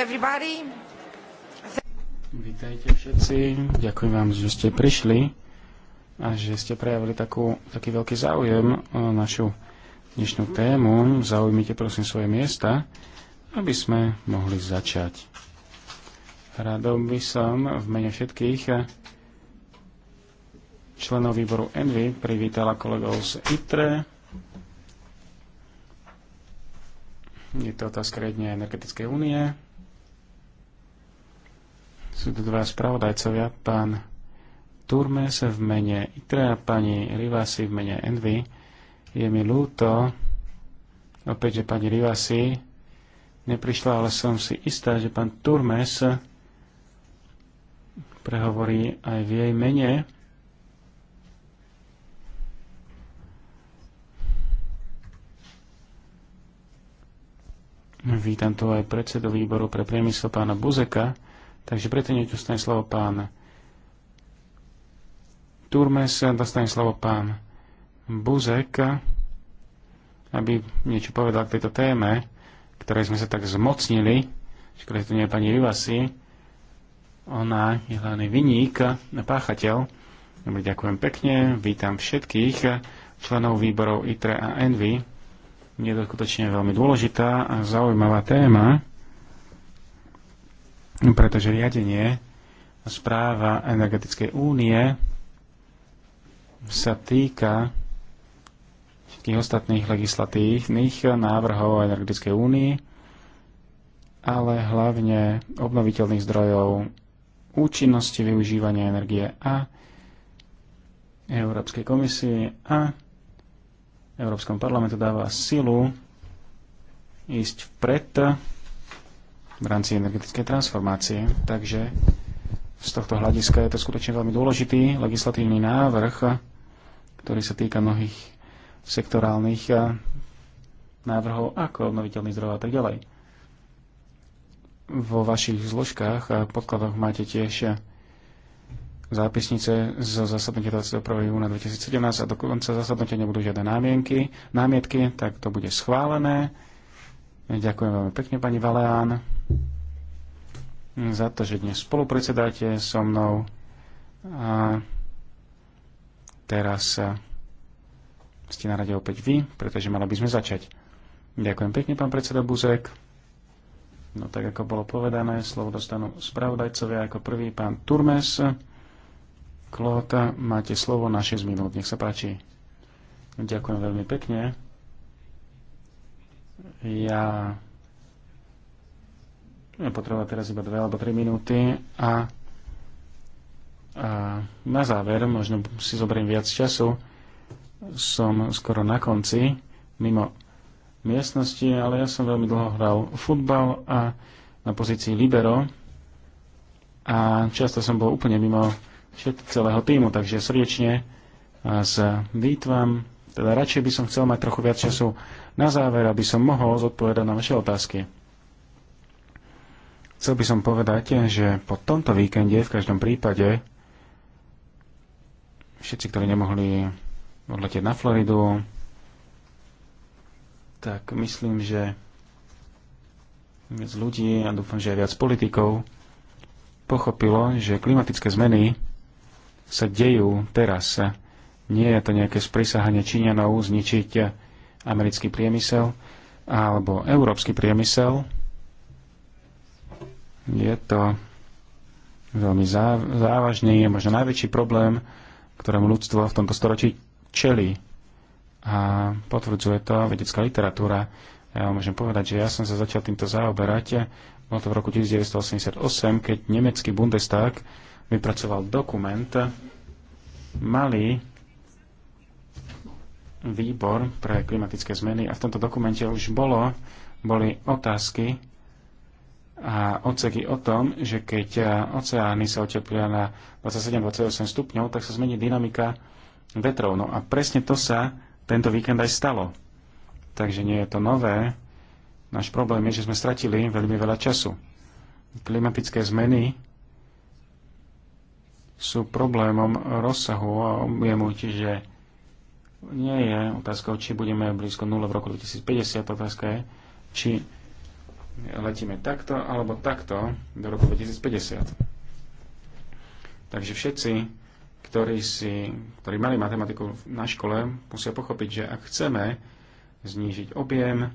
everybody. Vítajte všetci, ďakujem vám, že ste prišli a že ste prejavili takú, taký veľký záujem o e, našu dnešnú tému. Zaujmite prosím svoje miesta, aby sme mohli začať. Rado by som v mene všetkých členov výboru Envy privítala kolegov z ITRE, Je to otázka riadne energetickej únie. Sú tu dva spravodajcovia, pán Turmes v mene ITRE a pani Rivasi v mene Envy. Je mi ľúto, opäť, že pani Rivasi neprišla, ale som si istá, že pán Turmes prehovorí aj v jej mene. Vítam tu aj predsedu výboru pre priemysel pána Buzeka. Takže preto nie dostane slovo pán Turmes, dostane slovo pán Buzek, aby niečo povedal k tejto téme, ktorej sme sa tak zmocnili. Škoda, to nie je pani Rivasi. Ona je hlavný vyník, páchateľ. Dobre, ďakujem pekne. Vítam všetkých členov výborov ITRE a ENVY. Je to skutočne veľmi dôležitá a zaujímavá téma pretože riadenie a správa energetickej únie sa týka všetkých ostatných legislatívnych návrhov energetickej únie, ale hlavne obnoviteľných zdrojov, účinnosti využívania energie a Európskej komisii a Európskom parlamentu dáva silu ísť vpred v rámci energetickej transformácie. Takže z tohto hľadiska je to skutočne veľmi dôležitý legislatívny návrh, ktorý sa týka mnohých sektorálnych eh, návrhov ako obnoviteľný zdroj a tak ďalej. Vo vašich zložkách a podkladoch máte tiež eh, zápisnice z zasadnutia 21. júna 2017 a dokonca zasadnutia nebudú žiadne námienky, námietky, tak to bude schválené. Ďakujem veľmi pekne, pani Valeán za to, že dnes spolupredsedáte so mnou. A teraz ste na rade opäť vy, pretože mali by sme začať. Ďakujem pekne, pán predseda Buzek. No tak, ako bolo povedané, slovo dostanú spravodajcovia ako prvý pán Turmes. Klota, máte slovo na 6 minút, nech sa páči. Ďakujem veľmi pekne. Ja Budeme teraz iba 2 alebo 3 minúty a, a na záver, možno si zoberiem viac času, som skoro na konci, mimo miestnosti, ale ja som veľmi dlho hral futbal a na pozícii libero a často som bol úplne mimo celého týmu, takže srdečne s výtvam, teda radšej by som chcel mať trochu viac času na záver, aby som mohol zodpovedať na vaše otázky. Chcel by som povedať, že po tomto víkende v každom prípade všetci, ktorí nemohli odletieť na Floridu, tak myslím, že viac ľudí a dúfam, že aj viac politikov pochopilo, že klimatické zmeny sa dejú teraz. Nie je to nejaké sprísahanie Číňanov zničiť americký priemysel alebo európsky priemysel, je to veľmi závažný, možno najväčší problém, ktorému ľudstvo v tomto storočí čelí. A potvrdzuje to vedecká literatúra. Ja môžem povedať, že ja som sa začal týmto zaoberať. Bolo to v roku 1988, keď nemecký Bundestag vypracoval dokument malý výbor pre klimatické zmeny a v tomto dokumente už bolo, boli otázky a odseky o tom, že keď e, oceány sa oteplia na 27-28 stupňov, tak sa zmení dynamika vetrov. No a presne to sa tento víkend aj stalo. Takže nie je to nové. Náš problém je, že sme stratili veľmi veľa času. Klimatické zmeny sú problémom rozsahu a objemu, že nie je otázkou, či budeme blízko 0 v roku 2050, otázka je, či letíme takto alebo takto do roku 2050. Takže všetci, ktorí, si, ktorí mali matematiku na škole, musia pochopiť, že ak chceme znížiť objem,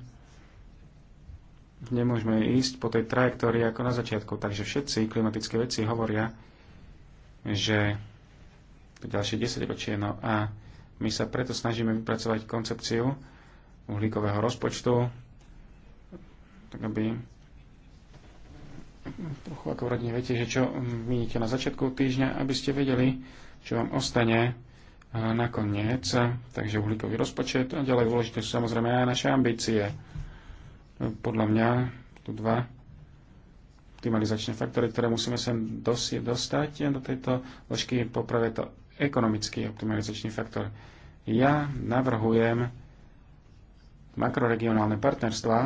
nemôžeme ísť po tej trajektórii ako na začiatku. Takže všetci klimatické veci hovoria, že to ďalšie 10 ročie. No a my sa preto snažíme vypracovať koncepciu uhlíkového rozpočtu, tak aby trochu ako v rodine viete, že čo miníte na začiatku týždňa, aby ste vedeli, čo vám ostane nakoniec. Takže uhlíkový rozpočet a ďalej dôležité sú samozrejme aj naše ambície. Podľa mňa tu dva optimalizačné faktory, ktoré musíme sem dosie, dostať do tejto ložky. Poprvé to ekonomický optimalizačný faktor. Ja navrhujem makroregionálne partnerstva,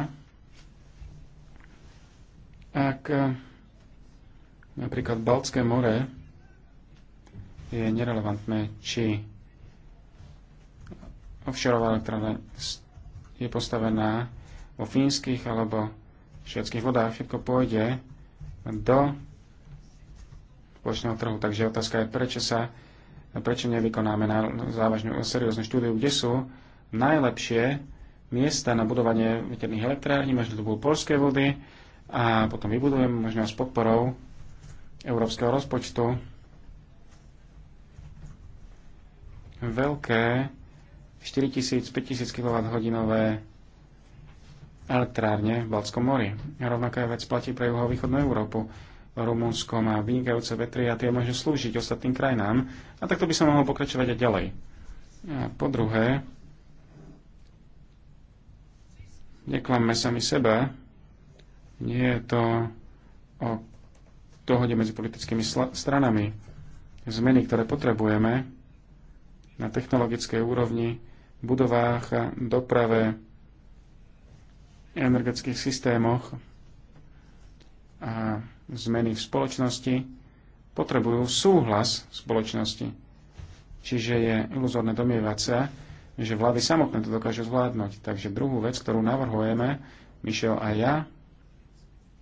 ak eh, napríklad Baltské more je nerelevantné, či offshoreová elektrárna je postavená vo fínskych alebo švedských vodách, všetko pôjde do spoločného trhu. Takže otázka je, prečo sa prečo nevykonáme na závažnú, serióznu štúdiu, kde sú najlepšie miesta na budovanie veterných elektrární, možno to budú polské vody, a potom vybudujeme možno s podporou európskeho rozpočtu veľké 4000-5000 kWh elektrárne v Balckom mori. Rovnaká vec platí pre juhovýchodnú Európu. Rumunsko má vynikajúce vetry a tie môže slúžiť ostatným krajinám. A takto by sa mohol pokračovať aj ďalej. A po druhé, neklamme sami seba, nie je to o dohode medzi politickými stranami. Zmeny, ktoré potrebujeme na technologickej úrovni, budovách, doprave, energetických systémoch a zmeny v spoločnosti potrebujú súhlas spoločnosti. Čiže je iluzórne domievať sa, že vlády samotné to dokážu zvládnuť. Takže druhú vec, ktorú navrhujeme, Mišel a ja,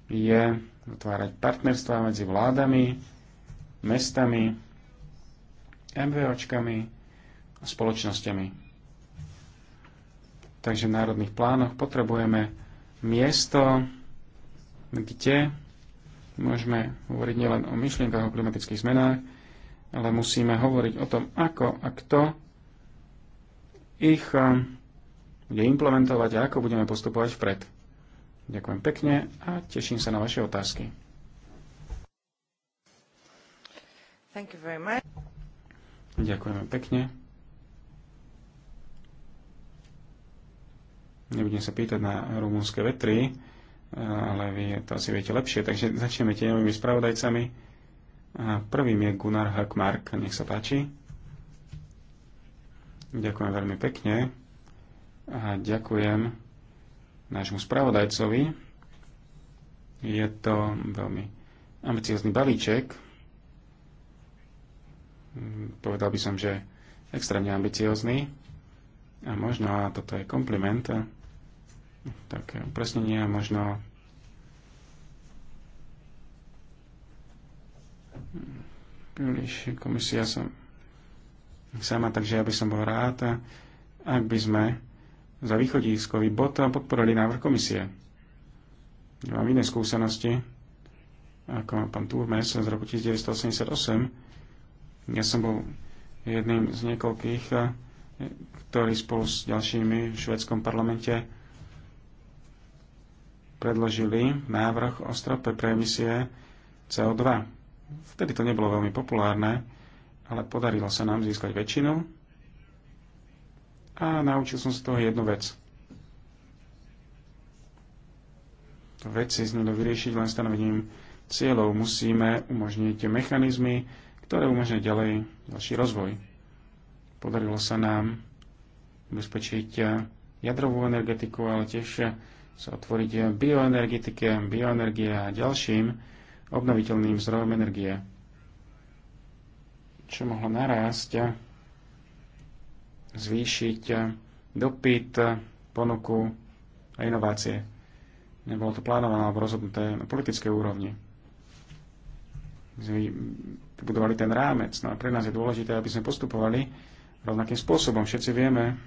je otvárať partnerstva medzi vládami, mestami, MVOčkami a spoločnosťami. Takže v národných plánoch potrebujeme miesto, kde môžeme hovoriť nielen o myšlienkach o klimatických zmenách, ale musíme hovoriť o tom, ako a kto ich eh, bude implementovať a ako budeme postupovať vpred. Ďakujem pekne a teším sa na vaše otázky. Thank you very much. Ďakujeme pekne. Nebudem sa pýtať na rumúnske vetry, ale vy to asi viete lepšie, takže začneme tieňovými spravodajcami. A prvým je Gunnar Hökmark, nech sa páči. Ďakujem veľmi pekne a ďakujem nášmu spravodajcovi. Je to veľmi ambiciózny balíček. Povedal by som, že extrémne ambiciózny. A možno, a toto je kompliment, také upresnenie, možno príliš komisia som sama, takže ja by som bol rád, ak by sme za východiskový bod a podporili návrh komisie. Mám iné skúsenosti, ako pán Turmes z roku 1988. Ja som bol jedným z niekoľkých, eh, ktorí spolu s ďalšími v švedskom parlamente predložili návrh o strope pre emisie CO2. Vtedy to nebolo veľmi populárne, ale podarilo sa nám získať väčšinu a naučil som sa toho jednu vec. To veci sme vyriešiť len stanovením cieľov. Musíme umožniť tie mechanizmy, ktoré umožňujú ďalej ďalší rozvoj. Podarilo sa nám ubezpečiť jadrovú energetiku, ale tiež sa otvoriť bioenergetike, bioenergie a ďalším obnoviteľným zdrojom energie, čo mohlo narásť zvýšiť dopyt, ponuku a inovácie. Nebolo to plánované alebo rozhodnuté na politickej úrovni. Budovali ten rámec. No a pre nás je dôležité, aby sme postupovali rovnakým spôsobom. Všetci vieme,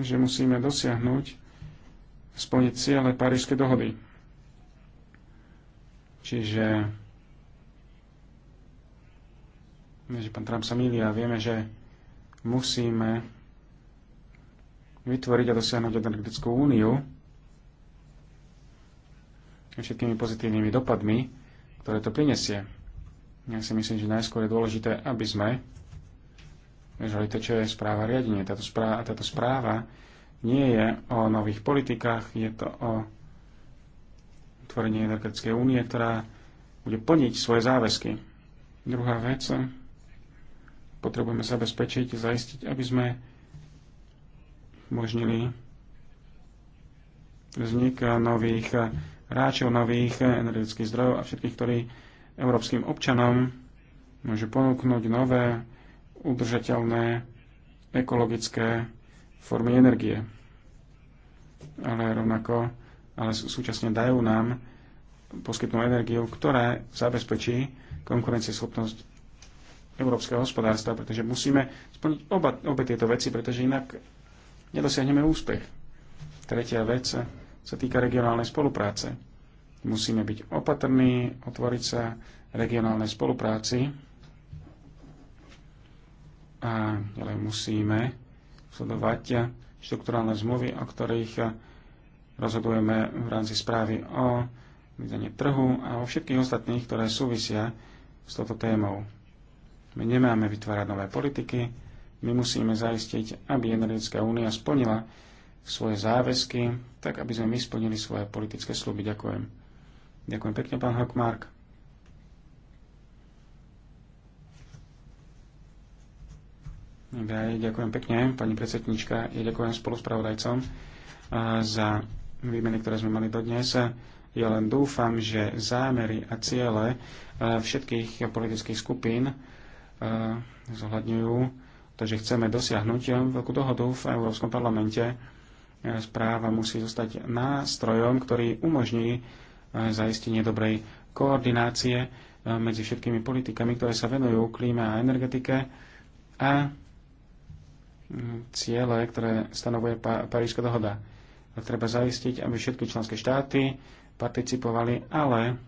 že musíme dosiahnuť, splniť ciele Parížskej dohody. Čiže že pán Trump sa milí a vieme, že musíme vytvoriť a dosiahnuť energetickú úniu všetkými pozitívnymi dopadmi, ktoré to prinesie. Ja si myslím, že najskôr je dôležité, aby sme vyžali to, čo je správa riadenie. Táto správa, táto správa nie je o nových politikách, je to o tvorení energetickej únie, ktorá bude plniť svoje záväzky. Druhá vec, potrebujeme zabezpečiť, zaistiť, aby sme umožnili vznik nových hráčov, nových energetických zdrojov a všetkých, ktorí európskym občanom môžu ponúknuť nové, udržateľné, ekologické formy energie. Ale rovnako, ale súčasne dajú nám poskytnú energiu, ktorá zabezpečí konkurencieschopnosť európskeho hospodárstva, pretože musíme splniť oba, obe tieto veci, pretože inak nedosiahneme úspech. Tretia vec sa týka regionálnej spolupráce. Musíme byť opatrní, otvoriť sa regionálnej spolupráci a ďalej musíme sledovať štruktúrálne zmluvy, o ktorých rozhodujeme v rámci správy o vydanie trhu a o všetkých ostatných, ktoré súvisia s touto témou. My nemáme vytvárať nové politiky, my musíme zaistiť, aby Energetická únia splnila svoje záväzky, tak aby sme my splnili svoje politické sluby. Ďakujem. Ďakujem pekne, pán Hockmark. Ja ďakujem pekne, pani predsednička. Ja ďakujem spoluspravodajcom eh, za výmeny, ktoré sme mali dodnes. Ja len dúfam, že zámery a ciele eh, všetkých politických skupín E, zohľadňujú to, že chceme dosiahnuť veľkú dohodu v Európskom parlamente. E, správa musí zostať nástrojom, ktorý umožní e, zaistenie dobrej koordinácie medzi všetkými politikami, ktoré sa venujú klíme a energetike a ciele, ktoré stanovuje Parížska dohoda. Treba zaistiť, aby všetky členské štáty participovali, ale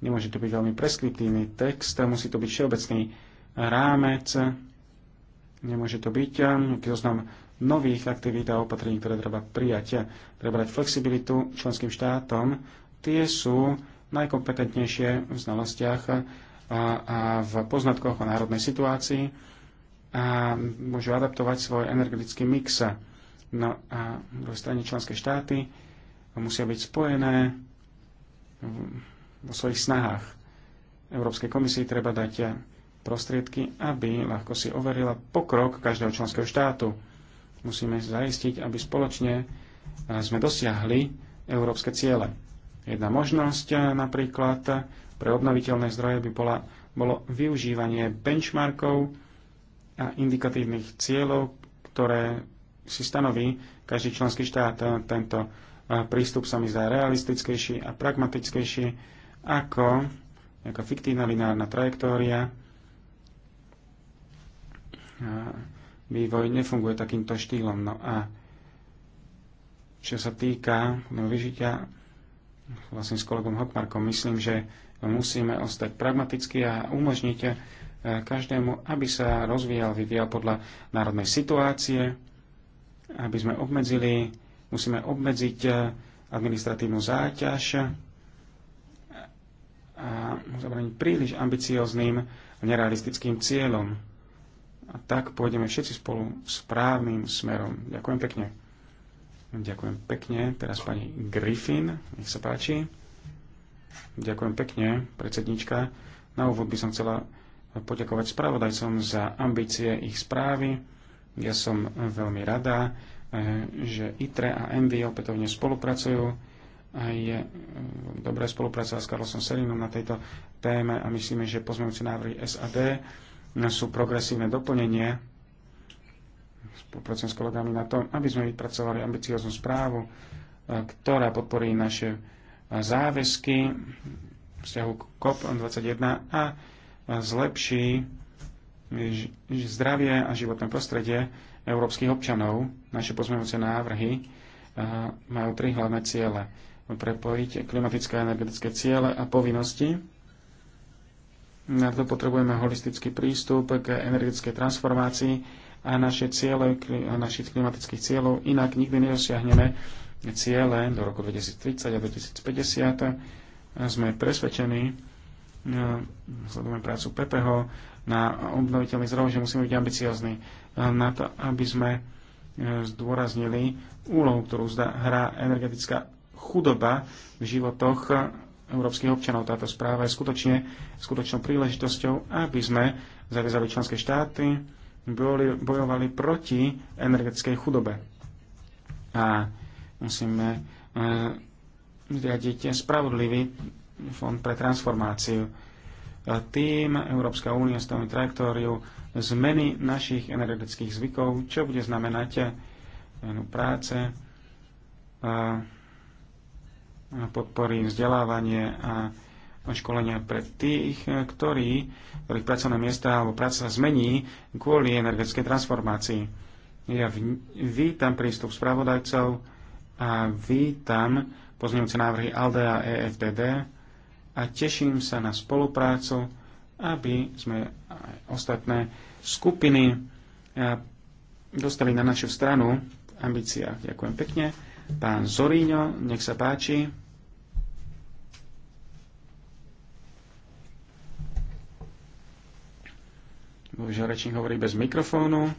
nemôže to byť veľmi preskriptívny text, musí to byť všeobecný rámec, nemôže to byť eh, nejaký zoznam nových aktivít a opatrení, ktoré treba prijať. Treba dať flexibilitu členským štátom. Tie sú najkompetentnejšie v znalostiach a, a v poznatkoch o národnej situácii a môžu adaptovať svoj energetický mix. No a na druhej strane členské štáty musia byť spojené vo svojich snahách. Európskej komisii treba dať eh, prostriedky, aby ľahko si overila pokrok každého členského štátu. Musíme zaistiť, aby spoločne e, sme dosiahli európske ciele. Jedna možnosť e, napríklad e, pre obnoviteľné zdroje by bola, bolo využívanie benchmarkov a indikatívnych cieľov, ktoré si stanoví každý členský štát. Tento prístup sa mi zdá realistickejší a pragmatickejší ako nejaká fiktívna lineárna trajektória, vývoj nefunguje takýmto štýlom. No a čo sa týka no, vyžitia, vlastne s kolegom Hokmarkom, myslím, že musíme ostať pragmaticky a umožniť e, každému, aby sa rozvíjal, vyvíjal podľa národnej situácie, aby sme obmedzili, musíme obmedziť e, administratívnu záťaž a zabraniť príliš ambiciozným a nerealistickým cieľom a tak pôjdeme všetci spolu správnym smerom. Ďakujem pekne. Ďakujem pekne. Teraz pani Griffin, nech sa páči. Ďakujem pekne, predsednička. Na úvod by som chcela poďakovať spravodajcom za ambície ich správy. Ja som veľmi rada, eh, že ITRE a MV opätovne spolupracujú. A je eh, dobré spolupracovať s Karlosom Serinom na tejto téme a myslíme, že pozmeňujúce návrhy SAD sú progresívne doplnenie. Spolupracujem s kolegami na tom, aby sme vypracovali ambicioznú správu, e, ktorá podporí naše e, záväzky vzťahu COP21 a e, zlepší zdravie a životné prostredie európskych občanov. Naše pozmeňujúce návrhy majú tri hlavné ciele. Prepojiť klimatické a energetické ciele a povinnosti na to potrebujeme holistický prístup k energetickej transformácii a naše ciele, našich klimatických cieľov. Inak nikdy nedosiahneme ciele do roku 2030 a 2050. Sme presvedčení, e, sledujeme prácu PPH na obnoviteľný zdroj, že musíme byť ambiciozni e, na to, aby sme e, zdôraznili úlohu, ktorú hrá energetická chudoba v životoch európskych občanov. Táto správa je skutočne skutočnou príležitosťou, aby sme zaviazali členské štáty, boli, bojovali proti energetickej chudobe. A musíme e, eh, zriadiť spravodlivý fond pre transformáciu. A tým Európska únia stavuje trajektóriu zmeny našich energetických zvykov, čo bude znamenať eh, no, práce, a, podporí vzdelávanie a školenia pre tých, ktorí, ktorých pracovné miesta alebo práca sa zmení kvôli energetickej transformácii. Ja vítam prístup spravodajcov a vítam pozmeňujúce návrhy ALDE a EFDD a teším sa na spoluprácu, aby sme aj ostatné skupiny e, dostali na našu stranu v ambíciách. Ďakujem pekne. Pán Zoríňo, nech sa páči. Už rečník hovorí bez mikrofónu.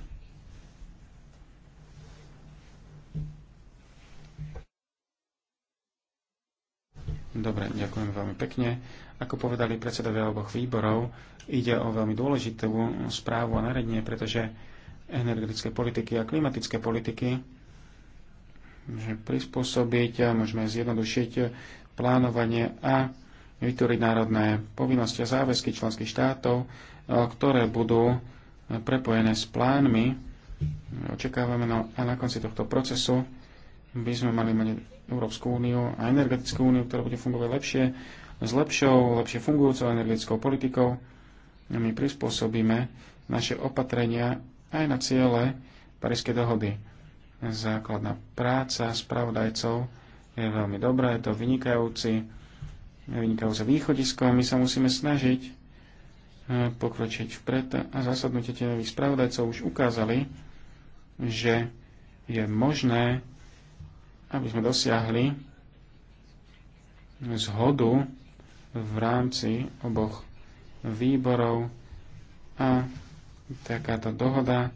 Dobre, ďakujem veľmi pekne. Ako povedali predsedovia oboch výborov, ide o veľmi dôležitú správu a naredenie, pretože energetické politiky a klimatické politiky môžeme prispôsobiť a môžeme zjednodušiť plánovanie a vytvoriť národné povinnosti a záväzky členských štátov ktoré budú prepojené s plánmi. Očakávame na, no, a na konci tohto procesu by sme mali mať Európsku úniu a energetickú úniu, ktorá bude fungovať lepšie, s lepšou, lepšie fungujúcou energetickou politikou. My prispôsobíme naše opatrenia aj na ciele Parískej dohody. Základná práca spravodajcov je veľmi dobrá, je to vynikajúci, vynikajúce východisko. My sa musíme snažiť pokročiť vpred a zasadnutie tieňových spravodajcov už ukázali, že je možné, aby sme dosiahli zhodu v rámci oboch výborov a takáto dohoda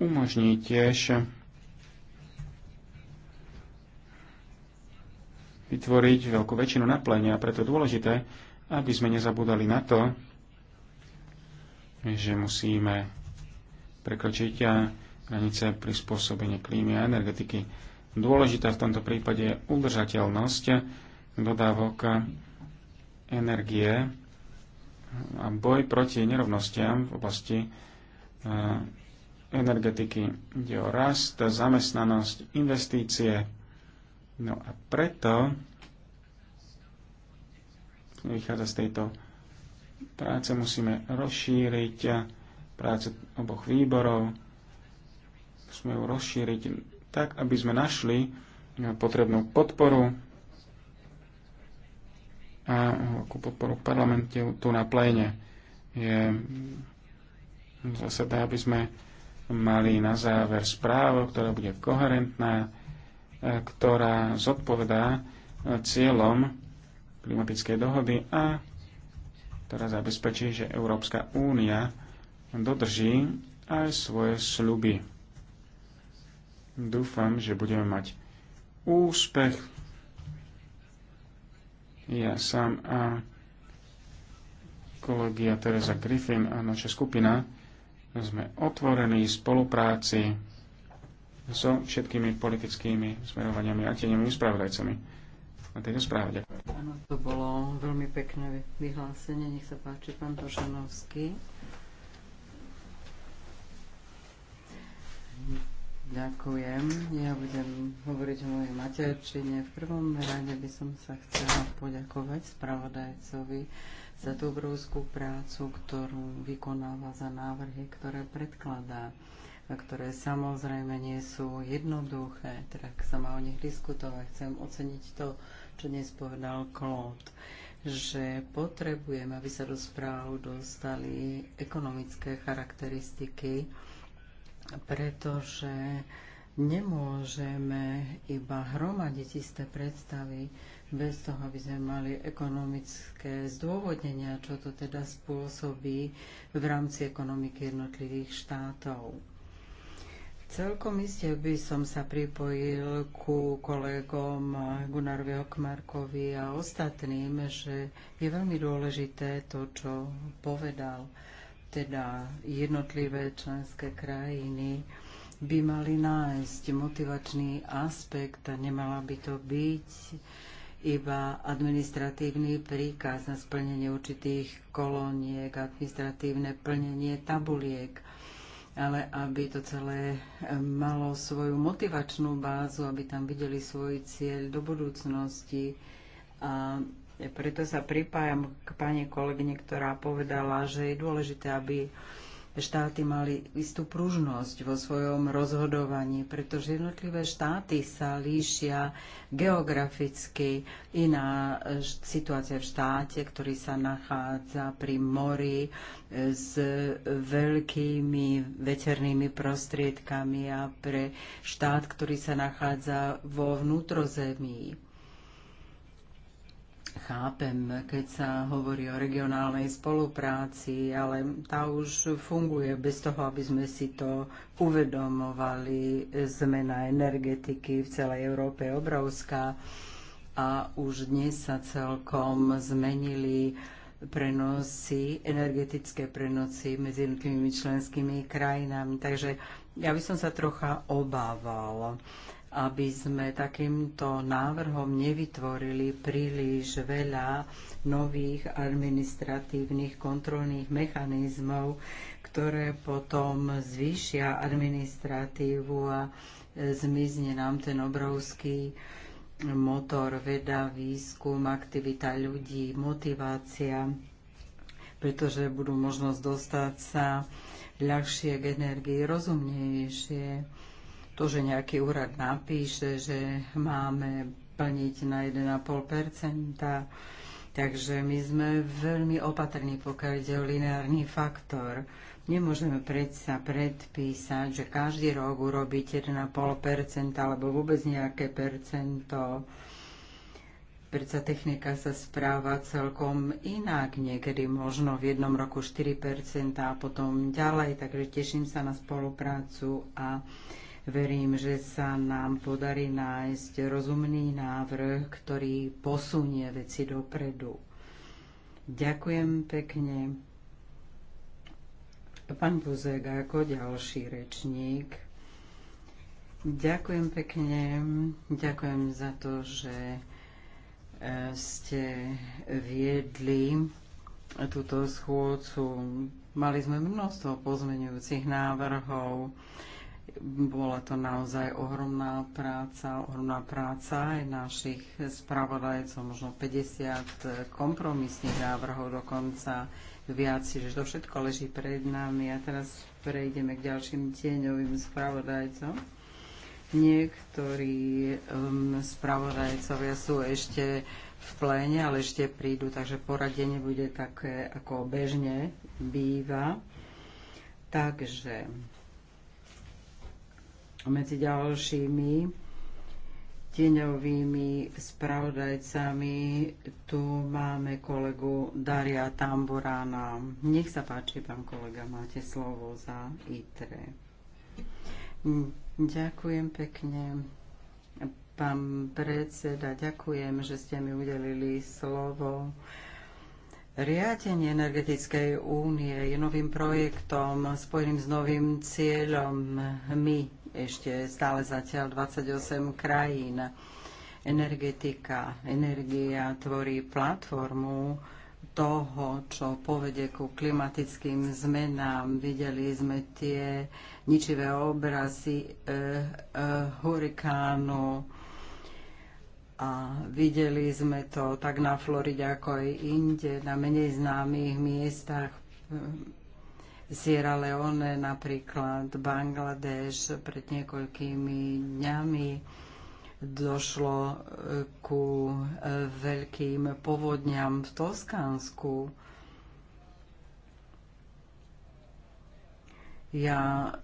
umožní tiež vytvoriť veľkú väčšinu na plene a preto je dôležité, aby sme nezabúdali na to, že musíme prekročiť eh, hranice prispôsobenia klímy a energetiky. Dôležitá v tomto prípade je udržateľnosť dodávok energie a boj proti nerovnostiam v oblasti eh, energetiky. Ide o rast, zamestnanosť, investície. No a preto vychádza z tejto práce musíme rozšíriť, práce oboch výborov, musíme ju rozšíriť tak, aby sme našli potrebnú podporu a ku podporu v parlamente tu na pléne. Je zásada, aby sme mali na záver správu, ktorá bude koherentná, ktorá zodpovedá cieľom klimatickej dohody a ktorá zabezpečí, že Európska únia dodrží aj svoje sluby. Dúfam, že budeme mať úspech. Ja sám a kolegia Teresa Griffin a naša skupina sme otvorení spolupráci so všetkými politickými smerovaniami a tenými spravodajcami na tejto správe. Ďakujem. Áno, to bolo veľmi pekné vyhlásenie. Nech sa páči, pán Tošanovský. Ďakujem. Ja budem hovoriť o mojej materčine. V prvom rade by som sa chcela poďakovať spravodajcovi za tú obrovskú prácu, ktorú vykonáva za návrhy, ktoré predkladá ktoré samozrejme nie sú jednoduché, teda sa má o nich diskutovať. Chcem oceniť to, čo dnes povedal Claude, že potrebujeme, aby sa do správu dostali ekonomické charakteristiky, pretože nemôžeme iba hromadiť isté predstavy bez toho, aby sme mali ekonomické zdôvodnenia, čo to teda spôsobí v rámci ekonomiky jednotlivých štátov. Celkom iste by som sa pripojil ku kolegom Gunarovi Okmarkovi a ostatným, že je veľmi dôležité to, čo povedal. Teda jednotlivé členské krajiny by mali nájsť motivačný aspekt a nemala by to byť iba administratívny príkaz na splnenie určitých koloniek, administratívne plnenie tabuliek ale aby to celé eh, malo svoju motivačnú bázu, aby tam videli svoj cieľ do budúcnosti. A preto sa pripájam k pani kolegyne, ktorá povedala, že je dôležité, aby štáty mali istú pružnosť vo svojom rozhodovaní, pretože jednotlivé štáty sa líšia geograficky. Iná e, situácia v štáte, ktorý sa nachádza pri mori e, s veľkými veternými prostriedkami a pre štát, ktorý sa nachádza vo vnútrozemí Chápem, keď sa hovorí o regionálnej spolupráci, ale tá už funguje bez toho, aby sme si to uvedomovali. Zmena energetiky v celej Európe je obrovská a už dnes sa celkom zmenili prenosy, energetické prenosy medzi jednotlivými členskými krajinami. Takže ja by som sa trocha obával aby sme takýmto návrhom nevytvorili príliš veľa nových administratívnych kontrolných mechanizmov, ktoré potom zvýšia administratívu a e, zmizne nám ten obrovský motor, veda, výskum, aktivita ľudí, motivácia, pretože budú možnosť dostať sa ľahšie k energii, rozumnejšie to, že nejaký úrad napíše, že máme plniť na 1,5%. Takže my sme veľmi opatrní, pokiaľ ide o lineárny faktor. Nemôžeme predsa predpísať, že každý rok urobiť 1,5% alebo vôbec nejaké percento. Predsa technika sa správa celkom inak, niekedy možno v jednom roku 4% a potom ďalej, takže teším sa na spoluprácu a Verím, že sa nám podarí nájsť rozumný návrh, ktorý posunie veci dopredu. Ďakujem pekne. Pán Buzek ako ďalší rečník. Ďakujem pekne. Ďakujem za to, že e, ste viedli túto schôdcu. Mali sme množstvo pozmenujúcich návrhov. Bola to naozaj ohromná práca, ohromná práca aj našich spravodajcov, možno 50 kompromisných návrhov dokonca viac, že to všetko leží pred nami a teraz prejdeme k ďalším tieňovým spravodajcom. Niektorí um, spravodajcovia sú ešte v pléne, ale ešte prídu, takže poradenie bude také, ako bežne býva. Takže medzi ďalšími tieňovými spravodajcami tu máme kolegu Daria Tamborána. Nech sa páči, pán kolega, máte slovo za ITRE. Ďakujem pekne. Pán predseda, ďakujem, že ste mi udelili slovo. Riadenie energetickej únie je novým projektom spojeným s novým cieľom. My ešte stále zatiaľ 28 krajín. Energetika, energia tvorí platformu toho, čo povede ku klimatickým zmenám. Videli sme tie ničivé obrazy e, e, hurikánu a videli sme to tak na Floride, ako aj inde, na menej známych miestach Sierra Leone, napríklad Bangladeš pred niekoľkými dňami došlo e, ku e, veľkým povodňam v Toskánsku. Ja e,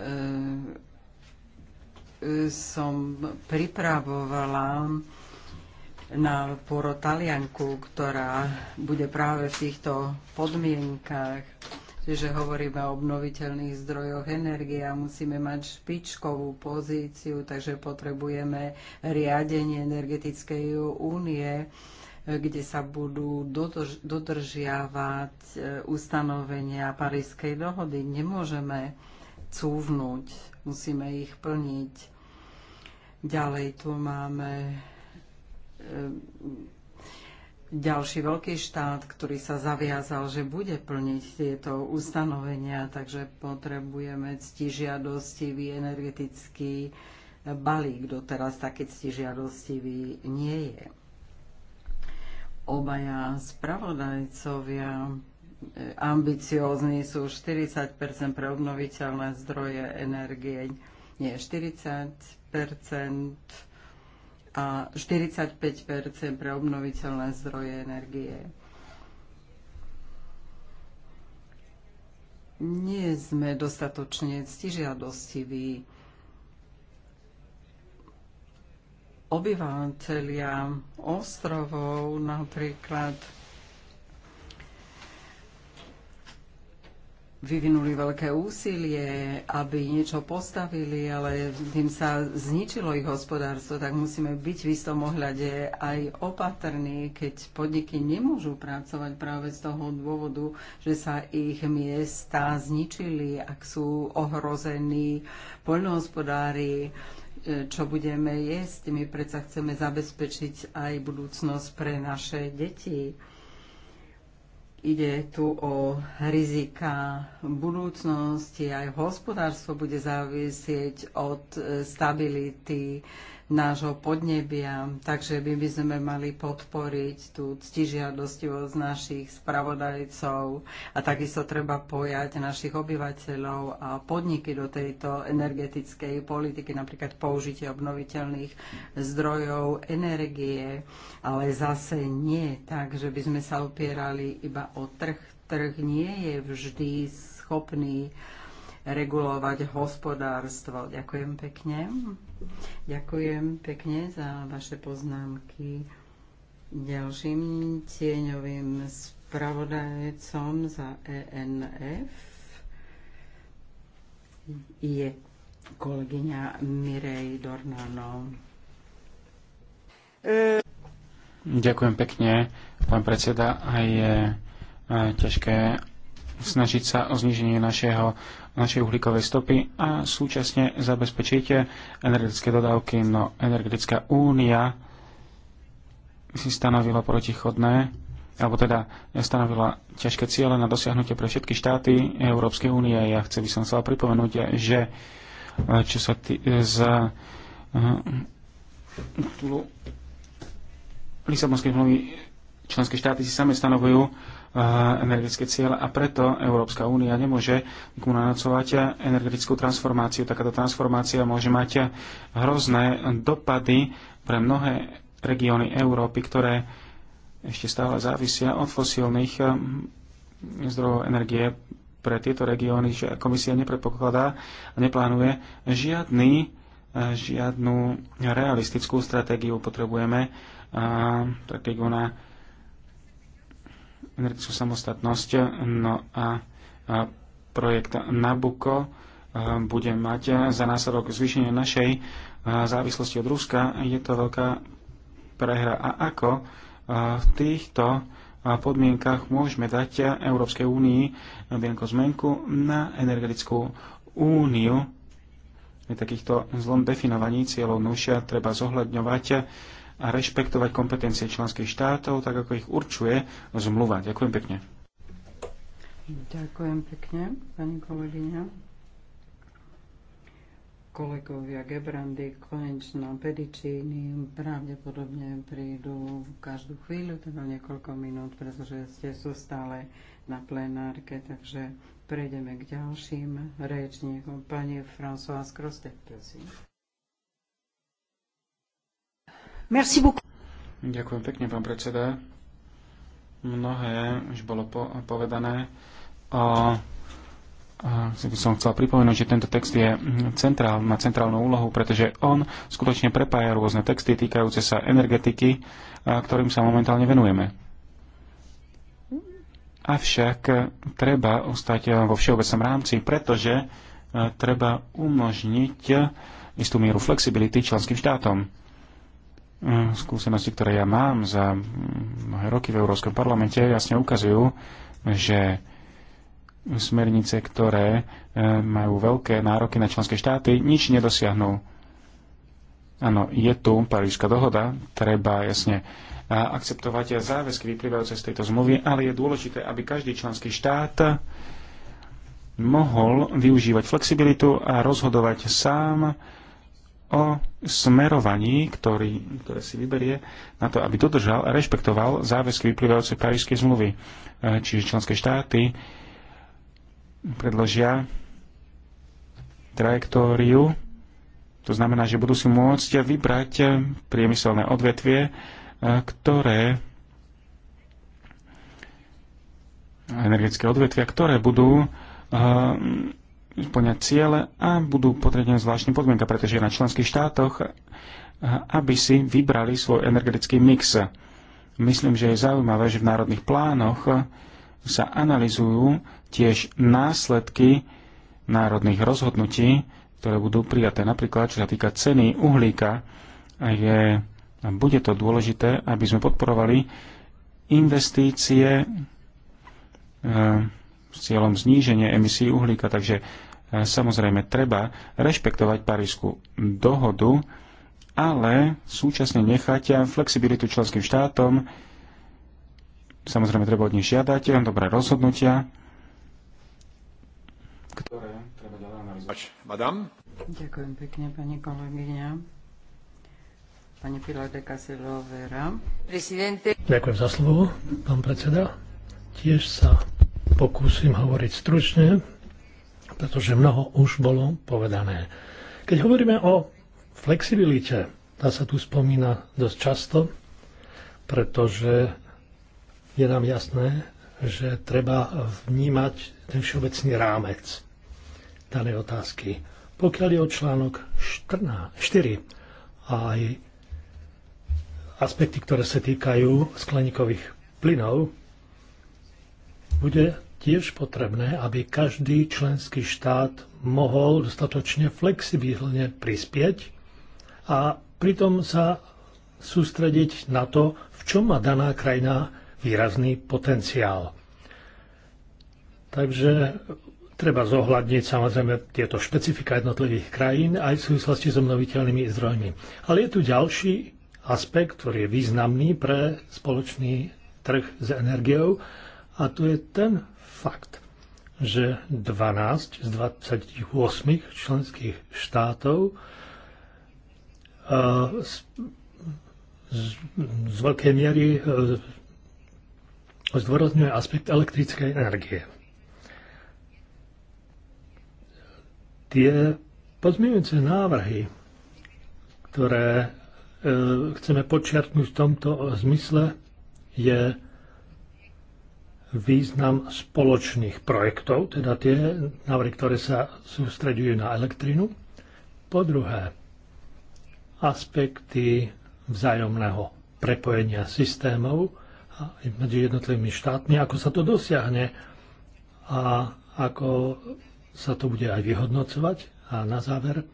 e som pripravovala na porotalianku, ktorá bude práve v týchto podmienkách že hovoríme o obnoviteľných zdrojoch energie a musíme mať špičkovú pozíciu, takže potrebujeme riadenie energetickej únie, kde sa budú dodrž- dodržiavať e, ustanovenia Parískej dohody. Nemôžeme cúvnuť, musíme ich plniť. Ďalej tu máme e, ďalší veľký štát, ktorý sa zaviazal, že bude plniť tieto ustanovenia, takže potrebujeme ctižiadostivý energetický balík. Doteraz taký ctižiadostivý nie je. Obaja spravodajcovia eh, ambiciózni sú 40 pre obnoviteľné zdroje energie, nie 40 a 45 pre obnoviteľné zdroje energie. Nie sme dostatočne ctižiadostiví. Obyvateľia ostrovov napríklad vyvinuli veľké úsilie, aby niečo postavili, ale tým sa zničilo ich hospodárstvo, tak musíme byť v istom ohľade aj opatrní, keď podniky nemôžu pracovať práve z toho dôvodu, že sa ich miesta zničili, ak sú ohrození poľnohospodári, čo budeme jesť. My predsa chceme zabezpečiť aj budúcnosť pre naše deti Ide tu o rizika budúcnosti, aj hospodárstvo bude závisieť od e, stability nášho podnebia. Takže my by sme mali podporiť tú ctižiadostivosť našich spravodajcov a takisto treba pojať našich obyvateľov a podniky do tejto energetickej politiky, napríklad použitie obnoviteľných zdrojov energie, ale zase nie tak, že by sme sa opierali iba o trh. Trh nie je vždy schopný uh, regulovať hospodárstvo. Ďakujem pekne. Ďakujem pekne za vaše poznámky. Ďalším tieňovým spravodajcom za ENF je kolegyňa Mirej Dornano. Ďakujem pekne, pán predseda. A je e, ťažké snažiť sa o zniženie našeho našej uhlíkovej stopy a súčasne zabezpečíte energetické dodávky. No, energetická únia si stanovila protichodné, alebo teda stanovila ťažké ciele na dosiahnutie pre všetky štáty Európskej únie. Ja chcem by som sa pripomenúť, že eh, čo sa tý, za uh, eh, Lisabonskej zmluvy členské štáty si same stanovujú energetické cieľe a preto Európska únia nemôže nanacovať energetickú transformáciu. Takáto transformácia môže mať hrozné dopady pre mnohé regióny Európy, ktoré ešte stále závisia od fosílnych mm, zdrojov energie pre tieto regióny, že komisia nepredpokladá a neplánuje žiadny, žiadnu realistickú stratégiu. Potrebujeme stratégiu na energetickú samostatnosť. No a projekt Nabuko e, bude mať za následok zvýšenie našej e, závislosti od Ruska. Je to veľká prehra. A ako e, v týchto podmienkach môžeme dať Európskej únii bianko zmenku na energetickú úniu v takýchto zlom definovaní cieľov nušia treba zohľadňovať a rešpektovať kompetencie členských štátov, tak ako ich určuje zmluva. Ďakujem pekne. Ďakujem pekne, pani kolegyňa. Kolegovia Gebrandy, Konečná, Pedicini pravdepodobne prídu každú chvíľu, teda niekoľko minút, pretože ste sú stále na plenárke, takže prejdeme k ďalším rečníkom. Pani François Krostek, prosím. Merci beaucoup. Ďakujem pekne, pán predseda. Mnohé už bolo po- povedané. A, a by som chcel pripomenúť, že tento text je centrál, má centrálnu úlohu, pretože on skutočne prepája rôzne texty týkajúce sa energetiky, a ktorým sa momentálne venujeme. Avšak treba ostať vo všeobecnom rámci, pretože treba umožniť istú mieru flexibility členským štátom skúsenosti, ktoré ja mám za mnohé roky v Európskom parlamente, jasne ukazujú, že smernice, ktoré e, majú veľké nároky na členské štáty, nič nedosiahnu. Áno, je tu Parížska dohoda, treba jasne e, akceptovať záväzky vyplývajúce z tejto zmluvy, ale je dôležité, aby každý členský štát mohol využívať flexibilitu a rozhodovať sám o smerovaní, ktorý, ktoré si vyberie na to, aby dodržal a rešpektoval záväzky vyplývajúce Parížskej zmluvy. E, čiže členské štáty predložia trajektóriu, to znamená, že budú si môcť vybrať priemyselné odvetvie, e, ktoré energetické odvetvia, ktoré budú e, splňať ciele a budú potrebné zvláštne podmienka, pretože je na členských štátoch, eh, aby si vybrali svoj energetický mix. Myslím, že je zaujímavé, že v národných plánoch eh, sa analizujú tiež následky národných rozhodnutí, ktoré budú prijaté. Napríklad, čo sa týka ceny uhlíka, je, bude to dôležité, aby sme podporovali investície eh, s cieľom zníženia emisí uhlíka. Takže Samozrejme, treba rešpektovať Parísku dohodu, ale súčasne nechať flexibilitu členským štátom. Samozrejme, treba od nich žiadať dobré rozhodnutia, ktoré treba ďalej analyzovať. Madame. Ďakujem pekne, pani kolegyňa pani Pilar de Casilovera. Ďakujem za slovo, pán predseda. Tiež sa pokúsim hovoriť stručne, pretože mnoho už bolo povedané. Keď hovoríme o flexibilite, tá sa tu spomína dosť často, pretože je nám jasné, že treba vnímať ten všeobecný rámec danej otázky. Pokiaľ je o článok 14, 4 a aj aspekty, ktoré sa týkajú skleníkových plynov, bude tiež potrebné, aby každý členský štát mohol dostatočne flexibilne prispieť a pritom sa sústrediť na to, v čom má daná krajina výrazný potenciál. Takže treba zohľadniť samozrejme tieto špecifika jednotlivých krajín aj v súvislosti s obnoviteľnými zdrojmi. Ale je tu ďalší aspekt, ktorý je významný pre spoločný trh s energiou a to je ten fakt, že 12 z 28 členských štátov z, eh, z, z veľkej miery eh, zdôrazňuje aspekt elektrickej energie. Tie pozmienujúce návrhy, ktoré e, chceme počiarknúť v tomto zmysle, je význam spoločných projektov, teda tie návrhy, ktoré sa sústredujú na elektrinu. Po druhé, aspekty vzájomného prepojenia systémov medzi jednotlivými štátmi, ako sa to dosiahne a ako sa to bude aj vyhodnocovať. A na záver,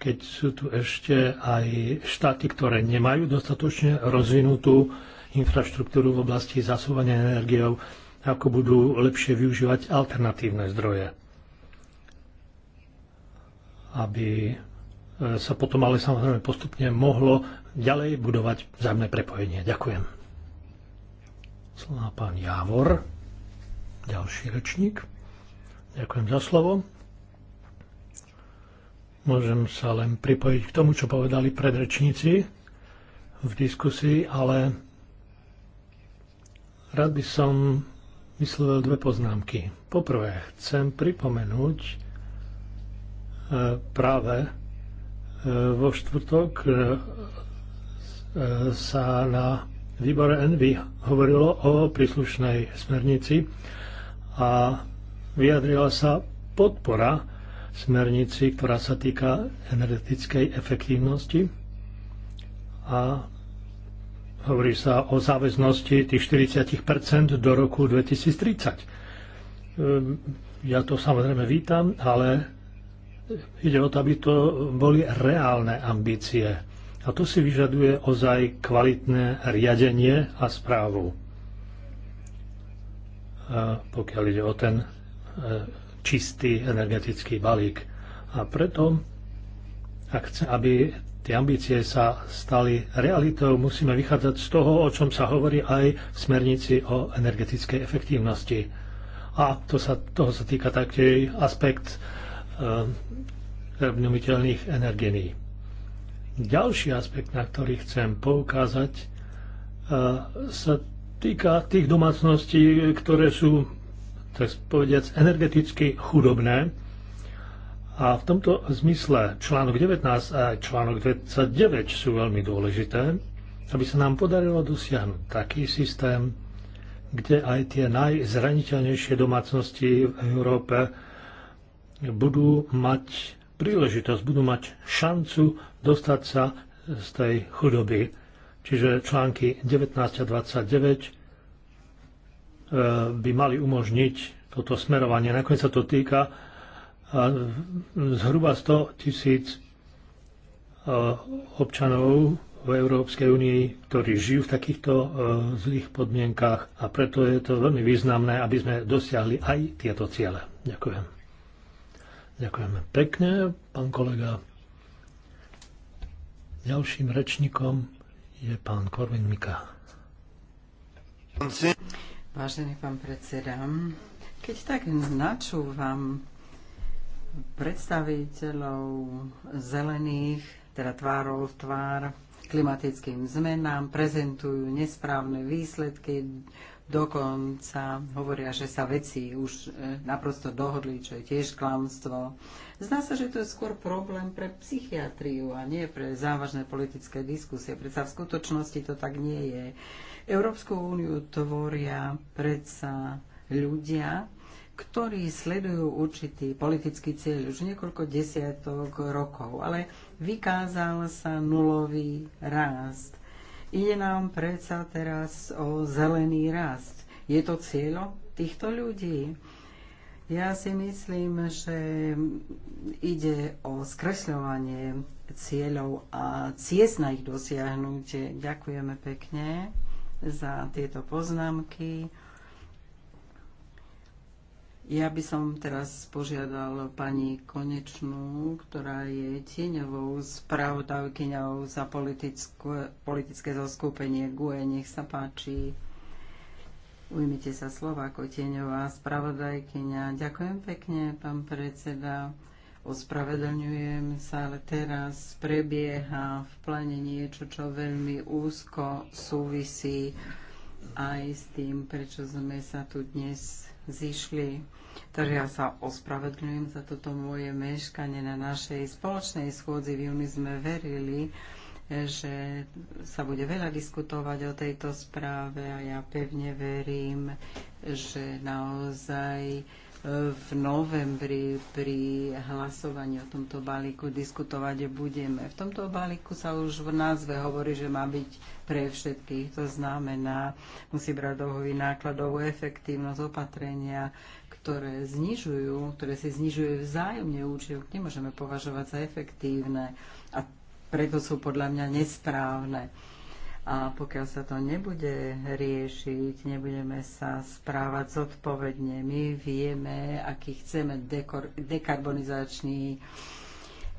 keď sú tu ešte aj štáty, ktoré nemajú dostatočne rozvinutú infraštruktúru v oblasti zasúvania energiou, ako budú lepšie využívať alternatívne zdroje. Aby e, sa potom ale samozrejme postupne mohlo ďalej budovať vzájomné prepojenie. Ďakujem. Slova pán Javor, ďalší rečník. Ďakujem za slovo. Môžem sa len pripojiť k tomu, čo povedali predrečníci v diskusii, ale Rád by som vyslovil dve poznámky. Poprvé, chcem pripomenúť e, práve e, vo štvrtok e, sa na výbore Envy hovorilo o príslušnej smernici a vyjadrila sa podpora smernici, ktorá sa týka energetickej efektívnosti a Hovorí sa o záväznosti tých 40 do roku 2030. Ehm, ja to samozrejme vítam, ale ide o to, aby to boli reálne ambície. A to si vyžaduje ozaj kvalitné riadenie a správu. A pokiaľ ide o ten e, čistý energetický balík. A preto, ak chce, aby tie ambície sa stali realitou, musíme vychádzať z toho, o čom sa hovorí aj v smernici o energetickej efektívnosti. A to sa, toho sa týka taktiež aspekt eh, obnoviteľných energií. Ďalší aspekt, na ktorý chcem poukázať, eh, sa týka tých domácností, ktoré sú, tak povediac, energeticky chudobné a v tomto zmysle článok 19 a článok 29 sú veľmi dôležité, aby sa nám podarilo dosiahnuť taký systém, kde aj tie najzraniteľnejšie domácnosti v Európe budú mať príležitosť, budú mať šancu dostať sa z tej chudoby. Čiže články 19 a 29 e, by mali umožniť toto smerovanie. Nakoniec sa to týka a zhruba 100 tisíc občanov v Európskej únii, ktorí žijú v takýchto zlých podmienkách a preto je to veľmi významné, aby sme dosiahli aj tieto ciele. Ďakujem. Ďakujeme pekne, pán kolega. Ďalším rečníkom je pán Korvin Mika. Vážený pán predseda, keď tak načúvam predstaviteľov zelených, teda tvárov v tvár klimatickým zmenám, prezentujú nesprávne výsledky, dokonca hovoria, že sa veci už e, naprosto dohodli, čo je tiež klamstvo. Zdá sa, že to je skôr problém pre psychiatriu a nie pre závažné politické diskusie. Predsa v skutočnosti to tak nie je. Európsku úniu tvoria predsa ľudia, ktorí sledujú určitý politický cieľ už niekoľko desiatok rokov, ale vykázal sa nulový rast. Ide nám predsa teraz o zelený rast. Je to cieľo týchto ľudí? Ja si myslím, že ide o skresľovanie cieľov a ciest na ich dosiahnutie. Ďakujeme pekne za tieto poznámky. Ja by som teraz požiadal pani Konečnú, ktorá je tieňovou spravodajkyňou za politické, politické zoskupenie GUE. Nech sa páči. Ujmite sa slova ako tieňová spravodajkyňa. Ďakujem pekne, pán predseda. Ospravedlňujem sa, ale teraz prebieha v plane niečo, čo veľmi úzko súvisí aj s tým, prečo sme sa tu dnes zišli. Takže ja sa ospravedlňujem za toto moje meškanie na našej spoločnej schôdzi. V júni sme verili, že sa bude veľa diskutovať o tejto správe a ja pevne verím, že naozaj v novembri pri hlasovaní o tomto balíku diskutovať budeme. V tomto balíku sa už v názve hovorí, že má byť pre všetkých. To znamená, musí brať do nákladovú efektívnosť opatrenia, ktoré znižujú, ktoré si znižujú vzájomne účinok, nemôžeme považovať za efektívne a preto sú podľa mňa nesprávne. A pokiaľ sa to nebude riešiť, nebudeme sa správať zodpovedne. My vieme, aký chceme dekor- dekarbonizačný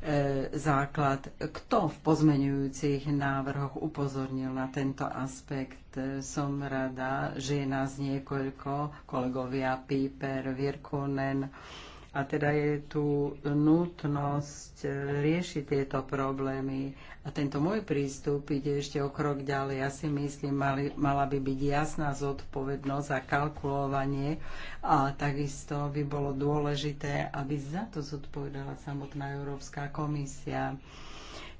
E, základ. Kto v pozmenujúcich návrhoch upozornil na tento aspekt? E, som rada, že je nás niekoľko, kolegovia Píper, Virkunen, a teda je tu nutnosť e, riešiť tieto problémy. A tento môj prístup ide ešte o krok ďalej. Ja si myslím, mali, mala by byť jasná zodpovednosť a kalkulovanie. A takisto by bolo dôležité, aby za to zodpovedala samotná Európska komisia.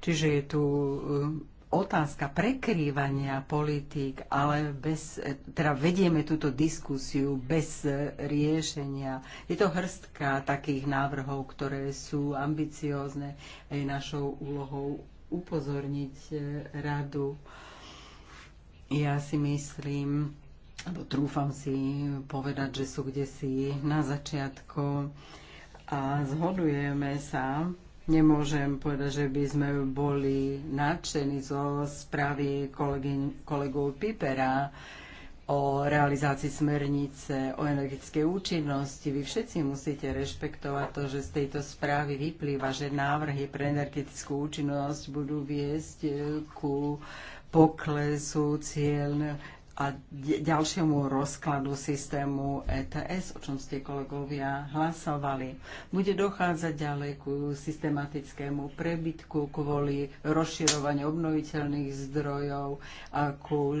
Čiže je tu e, otázka prekrývania politík, ale bez, teda vedieme túto diskusiu bez riešenia. Je to hrstka takých návrhov, ktoré sú ambiciózne a je našou úlohou upozorniť eh, radu. Ja si myslím, alebo trúfam si povedať, že sú kde si na začiatku a zhodujeme sa Nemôžem povedať, že by sme boli nadšení zo správy kolegov kolegu Pipera o realizácii smernice o energetickej účinnosti. Vy všetci musíte rešpektovať to, že z tejto správy vyplýva, že návrhy pre energetickú účinnosť budú viesť ku poklesu cieľ a ďalšiemu rozkladu systému ETS, o čom ste kolegovia hlasovali. Bude dochádzať ďalej ku systematickému prebytku kvôli rozširovaniu obnoviteľných zdrojov a ku e,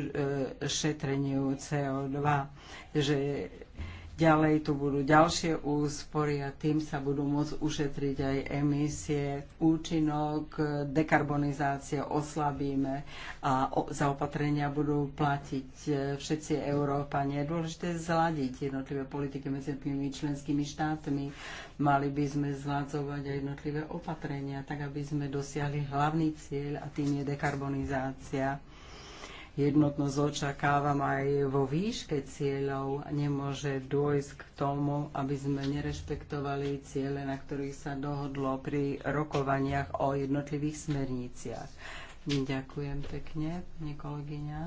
šetreniu CO2, že Ďalej tu budú ďalšie úspory a tým sa budú môcť ušetriť aj emisie, účinok, dekarbonizácie oslabíme a za opatrenia budú platiť e, všetci Nie Je dôležité zladiť jednotlivé politiky medzi jednotlivými členskými štátmi. Mali by sme zladzovať aj jednotlivé opatrenia, tak aby sme dosiahli hlavný cieľ a tým je dekarbonizácia jednotnosť očakávam aj vo výške cieľov. Nemôže dôjsť k tomu, aby sme nerešpektovali ciele, na ktorých sa dohodlo pri rokovaniach o jednotlivých smerniciach. Ďakujem pekne, pani kolegyňa.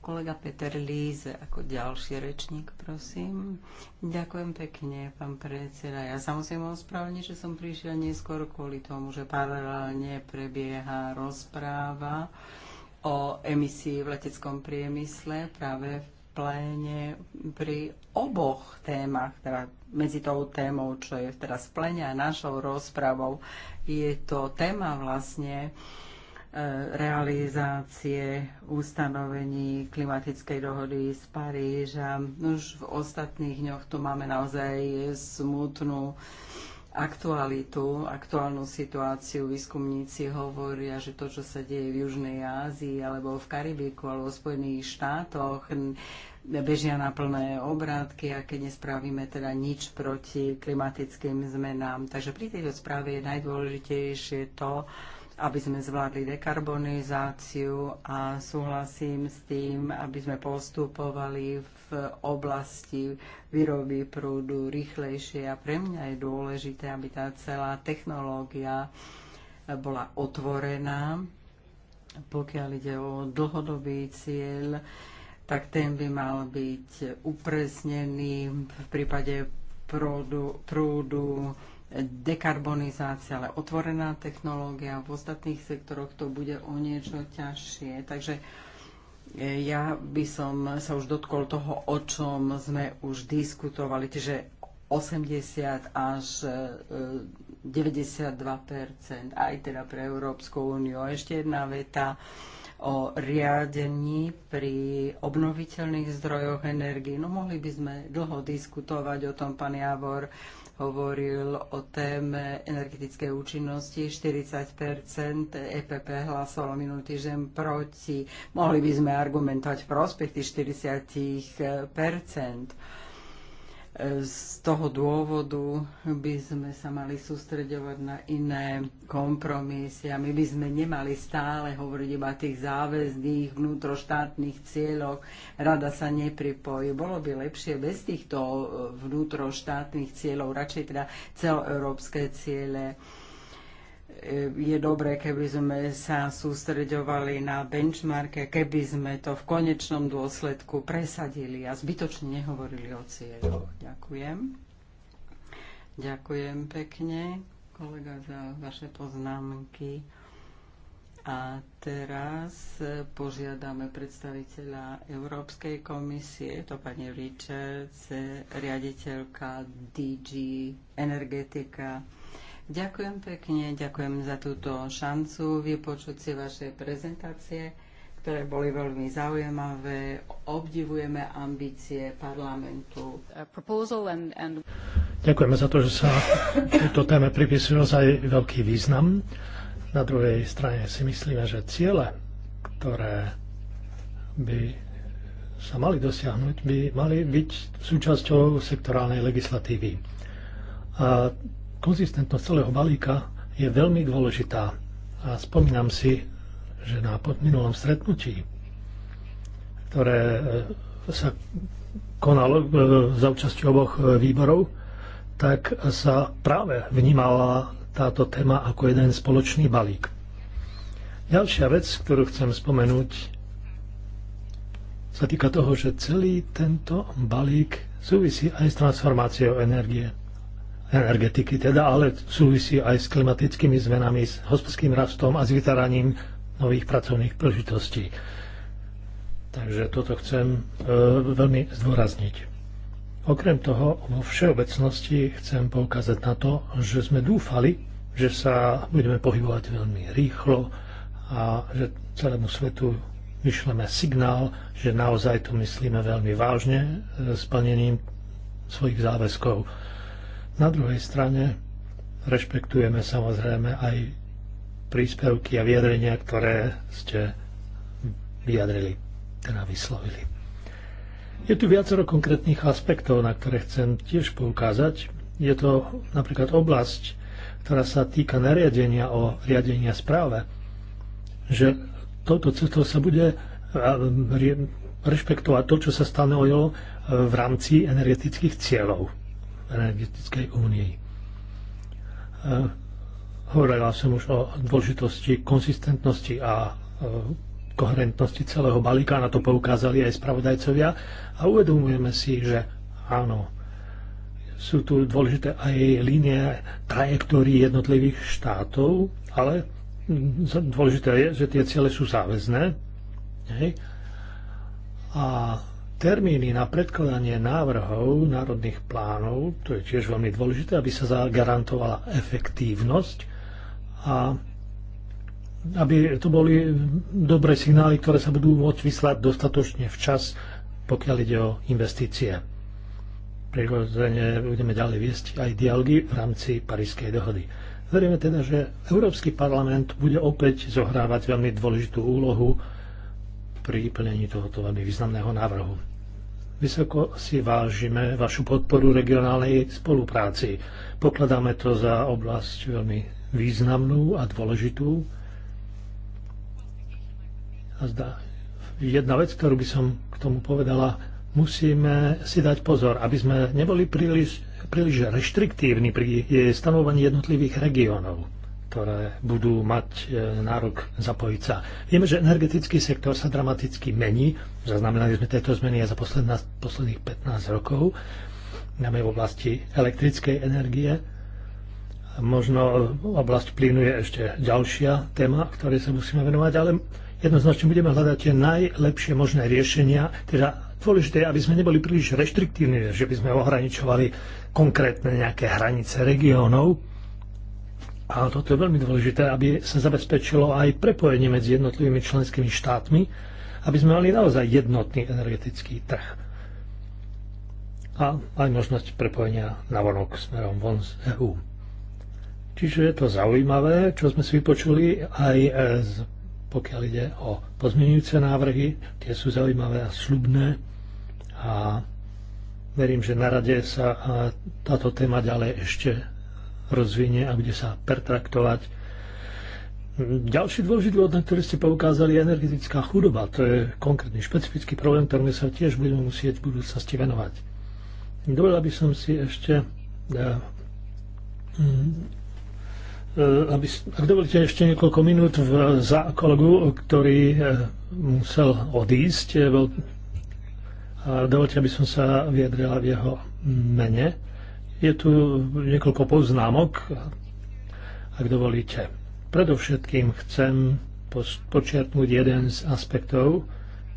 Kolega Peter Líze ako ďalší rečník, prosím. Ďakujem pekne, pán predseda. Ja sa musím ospravedlniť, že som prišiel neskôr kvôli tomu, že paralelne prebieha rozpráva o emisii v leteckom priemysle práve v pléne pri oboch témach, teda medzi tou témou, čo je teraz v pléne a našou rozpravou, je to téma vlastne e, realizácie ustanovení klimatickej dohody z Paríža. Už v ostatných dňoch tu máme naozaj smutnú aktualitu, aktuálnu situáciu. Výskumníci hovoria, že to, čo sa deje v Južnej Ázii alebo v Karibiku alebo v Spojených štátoch, bežia na plné obrátky a keď nespravíme teda nič proti klimatickým zmenám. Takže pri tejto správe je najdôležitejšie to, aby sme zvládli dekarbonizáciu a súhlasím s tým, aby sme postupovali v oblasti výroby prúdu rýchlejšie a pre mňa je dôležité, aby tá celá technológia bola otvorená, pokiaľ ide o dlhodobý cieľ, tak ten by mal byť upresnený v prípade prúdu, prúdu dekarbonizácia, ale otvorená technológia. V ostatných sektoroch to bude o niečo ťažšie. Takže e, ja by som sa už dotkol toho, o čom sme už diskutovali, čiže 80 až 92 e, aj teda pre Európsku úniu. A ešte jedna veta o riadení pri obnoviteľných zdrojoch energii. No mohli by sme dlho diskutovať o tom, pán Javor, hovoril o téme energetickej účinnosti. 40 EPP hlasovalo minulý týždeň proti. Mohli by sme argumentovať v prospech tých 40 z toho dôvodu by sme sa mali sústreďovať na iné kompromisy a my by sme nemali stále hovoriť iba o tých záväzných vnútroštátnych cieľoch. Rada sa nepripojí. Bolo by lepšie bez týchto vnútroštátnych cieľov, radšej teda celoeurópske ciele je dobré, keby sme sa sústreďovali na benchmarke, keby sme to v konečnom dôsledku presadili a zbytočne nehovorili o cieľoch. Ďakujem. Ďakujem pekne, kolega, za vaše poznámky. A teraz požiadame predstaviteľa Európskej komisie, to pani Richards, riaditeľka DG Energetika Ďakujem pekne, ďakujem za túto šancu vypočuť si vaše prezentácie, ktoré boli veľmi zaujímavé. Obdivujeme ambície parlamentu. Ďakujeme za to, že sa tejto téme pripisuje ozaj veľký význam. Na druhej strane si myslíme, že ciele, ktoré by sa mali dosiahnuť, by mali byť súčasťou sektorálnej legislatívy. A konzistentnosť celého balíka je veľmi dôležitá. A spomínam si, že na podminulom stretnutí, ktoré e, sa konalo e, za účasťou oboch e, výborov, tak sa práve vnímala táto téma ako jeden spoločný balík. Ďalšia vec, ktorú chcem spomenúť, sa týka toho, že celý tento balík súvisí aj s transformáciou energie energetiky, teda, ale súvisí aj s klimatickými zmenami, s hospodským rastom a s vytváraním nových pracovných príležitostí. Takže toto chcem e, veľmi zdôrazniť. Okrem toho, vo všeobecnosti chcem poukázať na to, že sme dúfali, že sa budeme pohybovať veľmi rýchlo a že celému svetu vyšleme signál, že naozaj to myslíme veľmi vážne e, s plnením svojich záväzkov na druhej strane rešpektujeme samozrejme aj príspevky a vyjadrenia, ktoré ste vyjadrili, teda vyslovili. Je tu viacero konkrétnych aspektov, na ktoré chcem tiež poukázať. Je to napríklad oblasť, ktorá sa týka nariadenia o riadenia správe, že toto cestou sa bude rešpektovať to, čo sa stanovilo v rámci energetických cieľov energetickej únii. E, hovorila som už o dôležitosti konsistentnosti a e, koherentnosti celého balíka, na to poukázali aj spravodajcovia a uvedomujeme si, že áno, sú tu dôležité aj línie trajektórií jednotlivých štátov, ale dôležité je, že tie ciele sú záväzné hej? a Termíny na predkladanie návrhov národných plánov, to je tiež veľmi dôležité, aby sa zagarantovala efektívnosť a aby to boli dobré signály, ktoré sa budú môcť vyslať dostatočne včas, pokiaľ ide o investície. Prirodzene budeme ďalej viesť aj dialógy v rámci Parískej dohody. Veríme teda, že Európsky parlament bude opäť zohrávať veľmi dôležitú úlohu pri plnení tohoto veľmi významného návrhu. Vysoko si vážime vašu podporu regionálnej spolupráci. Pokladáme to za oblasť veľmi významnú a dôležitú. A zdá, jedna vec, ktorú by som k tomu povedala, musíme si dať pozor, aby sme neboli príliš, príliš reštriktívni pri stanovaní jednotlivých regiónov ktoré budú mať e, nárok zapojiť sa. Vieme, že energetický sektor sa dramaticky mení. Zaznamenali sme tieto zmeny aj za posledná, posledných 15 rokov, najmä v oblasti elektrickej energie. Možno oblasť plynu je ešte ďalšia téma, ktorej sa musíme venovať, ale jednoznačne budeme hľadať tie najlepšie možné riešenia, teda dôležité aby sme neboli príliš reštriktívni, že by sme ohraničovali konkrétne nejaké hranice regiónov, a toto je veľmi dôležité, aby sa zabezpečilo aj prepojenie medzi jednotlivými členskými štátmi, aby sme mali naozaj jednotný energetický trh. A aj možnosť prepojenia na vonok smerom von z EU. Čiže je to zaujímavé, čo sme si vypočuli aj e, z pokiaľ ide o pozmeňujúce návrhy. Tie sú zaujímavé a slubné a verím, že na rade sa e, táto téma ďalej ešte rozvinie a bude sa pertraktovať. Ďalší dôležitý dôvod, na ktorý ste poukázali, je energetická chudoba. To je konkrétny špecifický problém, ktorým sa tiež budeme musieť v budúcnosti venovať. Dovolil by som si ešte e, mm, e, aby, ak dovolíte ešte niekoľko minút v, za kolegu, ktorý e, musel odísť. Dovolte, aby som sa vyjadrila v jeho mene. Je tu niekoľko poznámok, ak dovolíte. Predovšetkým chcem počiatnúť jeden z aspektov,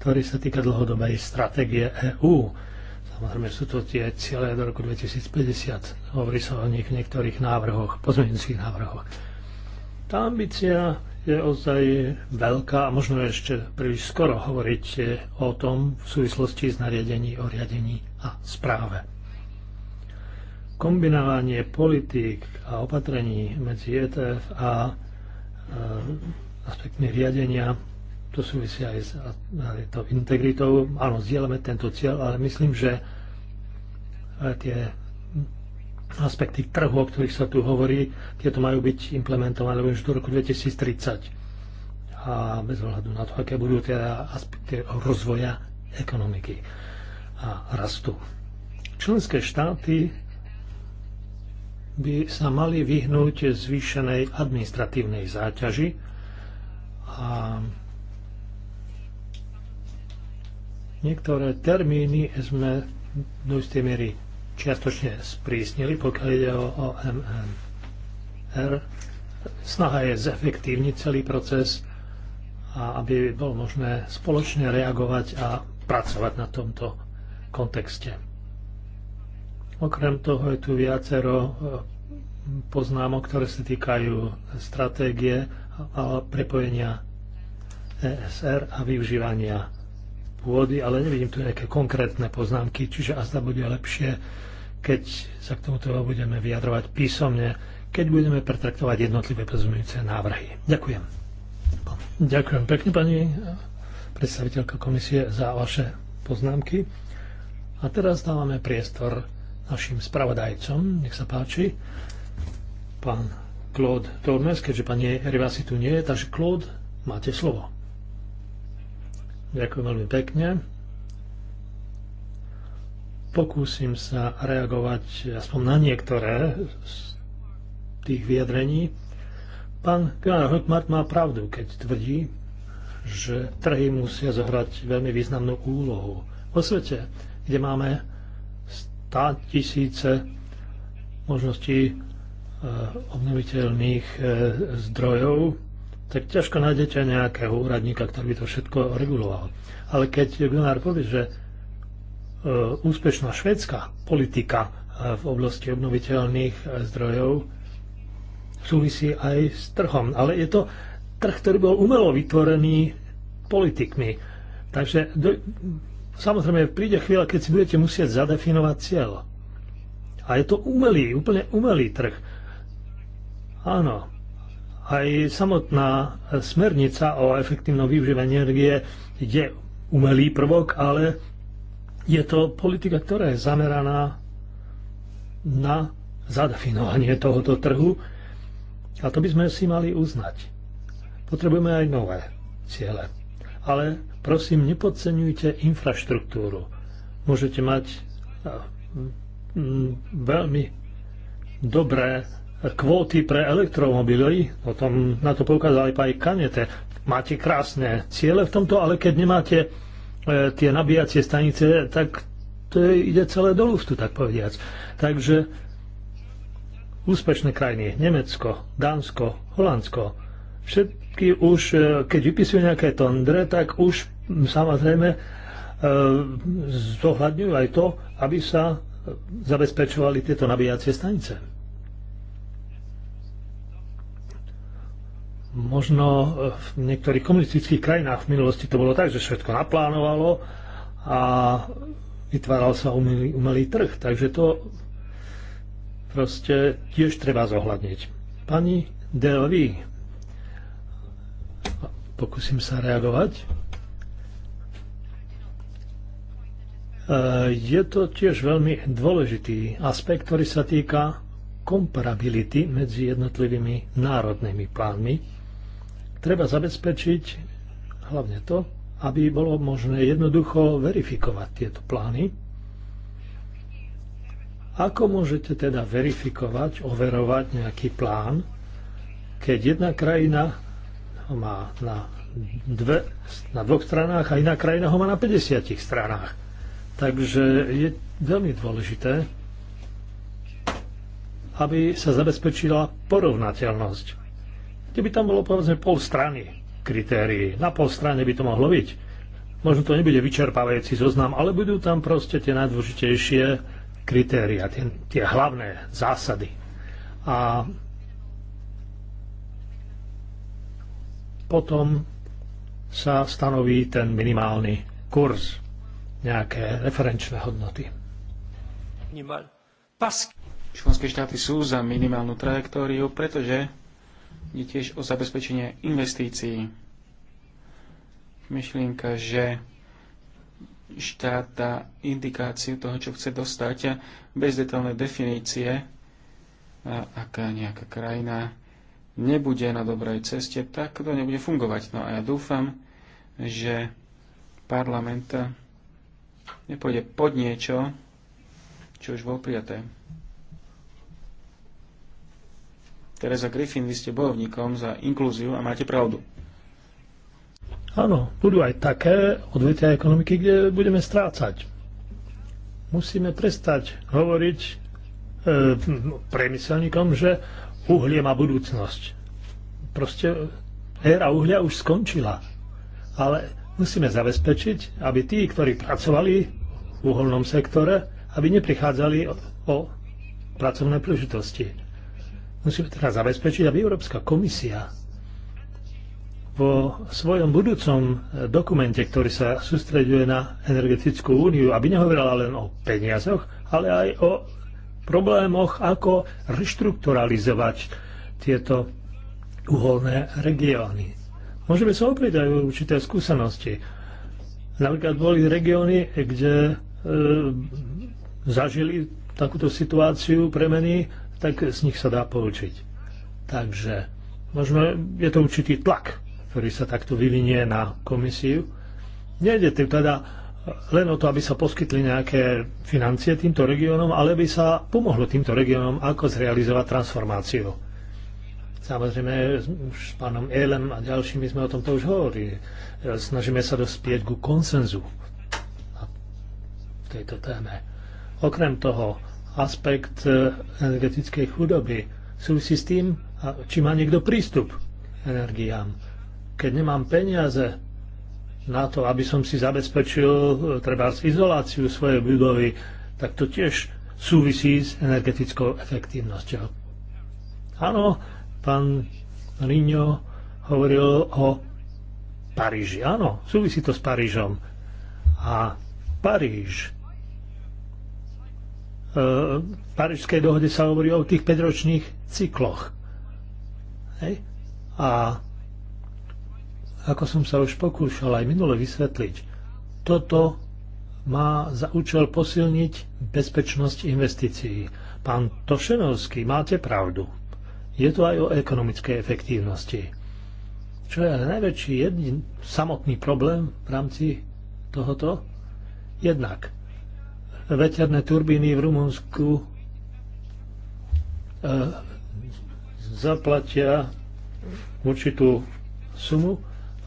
ktorý sa týka dlhodobej stratégie EÚ. Samozrejme sú to tie ciele do roku 2050. Hovorí sa o nich v niektorých návrhoch, pozmeňujúcich návrhoch. Tá ambícia je ozaj veľká a možno ešte príliš skoro hovoriť o tom v súvislosti s nariadení o riadení a správe kombinovanie politík a opatrení medzi ETF a e, aspektmi riadenia, to súvisí aj s tou integritou. Áno, zdieľame tento cieľ, ale myslím, že tie aspekty trhu, o ktorých sa tu hovorí, tieto majú byť implementované už do roku 2030. A bez ohľadu na to, aké budú tie aspekty rozvoja ekonomiky a rastu. Členské štáty by sa mali vyhnúť zvýšenej administratívnej záťaži a niektoré termíny sme do istej miery čiastočne sprísnili, pokiaľ ide o OMNR. Snaha je zefektívniť celý proces a aby bolo možné spoločne reagovať a pracovať na tomto kontexte. Okrem toho je tu viacero eh, poznámok, ktoré sa týkajú stratégie a prepojenia ESR a využívania pôdy, ale nevidím tu nejaké konkrétne poznámky, čiže asi bude lepšie, keď sa k tomuto budeme vyjadrovať písomne, keď budeme pretraktovať jednotlivé pozmeňujúce návrhy. Ďakujem. Ďakujem pekne, pani eh, predstaviteľka komisie, za vaše poznámky. A teraz dávame priestor našim spravodajcom. Nech sa páči, pán Claude Tormes, keďže pani Rivasi tu nie je, takže Claude, máte slovo. Ďakujem veľmi pekne. Pokúsim sa reagovať aspoň na niektoré z tých vyjadrení. Pán Gunnar Hökmark má pravdu, keď tvrdí, že trhy musia zohrať veľmi významnú úlohu. Vo svete, kde máme tá tisíce možností eh, obnoviteľných eh, zdrojov, tak ťažko nájdete nejakého úradníka, ktorý by to všetko reguloval. Ale keď Gunnar povie, že eh, úspešná švédska politika v oblasti obnoviteľných zdrojov súvisí aj s trhom. Ale je to trh, ktorý bol umelo vytvorený politikmi. Takže Samozrejme, príde chvíľa, keď si budete musieť zadefinovať cieľ. A je to umelý, úplne umelý trh. Áno, aj samotná smernica o efektívnom využívaní energie je umelý prvok, ale je to politika, ktorá je zameraná na zadefinovanie tohoto trhu a to by sme si mali uznať. Potrebujeme aj nové ciele ale prosím, nepodceňujte infraštruktúru. Môžete mať eh, veľmi dobré kvóty pre elektromobily, o tom na to poukázali aj Kanete. Máte krásne ciele v tomto, ale keď nemáte e, tie nabíjacie stanice, tak to je, ide celé do luftu, tak povediac. Takže úspešné krajiny, Nemecko, Dánsko, Holandsko, Všetky už, e, keď vypisujú nejaké tondre, tak už samozrejme e, zohľadňujú aj to, aby sa zabezpečovali tieto nabíjacie stanice. Možno e, v niektorých komunistických krajinách v minulosti to bolo tak, že všetko naplánovalo a vytváral sa umelý, umelý trh. Takže to proste tiež treba zohľadniť. Pani Delvi, Pokúsim sa reagovať. E, je to tiež veľmi dôležitý aspekt, ktorý sa týka komparability medzi jednotlivými národnými plánmi. Treba zabezpečiť hlavne to, aby bolo možné jednoducho verifikovať tieto plány. Ako môžete teda verifikovať, overovať nejaký plán, keď jedna krajina ho má na, dve, na dvoch stranách a iná krajina ho má na 50 stranách. Takže je veľmi dôležité, aby sa zabezpečila porovnateľnosť. Keby tam bolo povedzme pol strany kritérií, na pol strane by to mohlo byť. Možno to nebude vyčerpávajúci zoznam, ale budú tam proste tie najdôležitejšie kritéria, tie, tie hlavné zásady. A potom sa stanoví ten minimálny kurz, nejaké referenčné hodnoty. Členské štáty sú za minimálnu trajektóriu, pretože je tiež o zabezpečenie investícií. Myšlienka, že štát dá indikáciu toho, čo chce dostať bez detailnej definície, aká nejaká krajina nebude na dobrej ceste, tak to nebude fungovať. No a ja dúfam, že parlament nepôjde pod niečo, čo už bol prijaté. Teresa Griffin, vy ste bojovníkom za inklúziu a máte pravdu. Áno, budú aj také odvetia ekonomiky, kde budeme strácať. Musíme prestať hovoriť e, priemyselníkom, že uhlie má budúcnosť. Proste eh, éra uhlia už skončila. Ale musíme zabezpečiť, aby tí, ktorí pracovali v uholnom sektore, aby neprichádzali o, o pracovné príležitosti. Musíme teda zabezpečiť, aby Európska komisia vo svojom budúcom eh, dokumente, ktorý sa sústreďuje na energetickú úniu, aby nehovorila len o peniazoch, ale aj o problémoch, ako reštrukturalizovať tieto uholné regióny. Môžeme sa oprieť aj určité skúsenosti. Napríklad boli regióny, kde e, zažili takúto situáciu premeny, tak z nich sa dá poučiť. Takže možno je to určitý tlak, ktorý sa takto vyvinie na komisiu. Nejde teda len o to, aby sa poskytli nejaké financie týmto regiónom, ale by sa pomohlo týmto regiónom, ako zrealizovať transformáciu. Samozrejme, s pánom Elem a ďalšími sme o tomto už hovorili. E, snažíme sa dospieť ku konsenzu v tejto téme. Okrem toho, aspekt e, energetickej chudoby súvisí s tým, či má niekto prístup k energiám. Keď nemám peniaze, na to, aby som si zabezpečil treba izoláciu svojej budovy, tak to tiež súvisí s energetickou efektívnosťou. Áno, pán Rino hovoril o Paríži. Áno, súvisí to s Parížom. A Paríž. E, v Parížskej dohode sa hovorí o tých 5 ročných cykloch. Hej? A ako som sa už pokúšal aj minule vysvetliť, toto má za účel posilniť bezpečnosť investícií. Pán Tošenovský, máte pravdu. Je to aj o ekonomickej efektívnosti. Čo je najväčší jedný samotný problém v rámci tohoto? Jednak veterné turbíny v Rumunsku e, zaplatia určitú sumu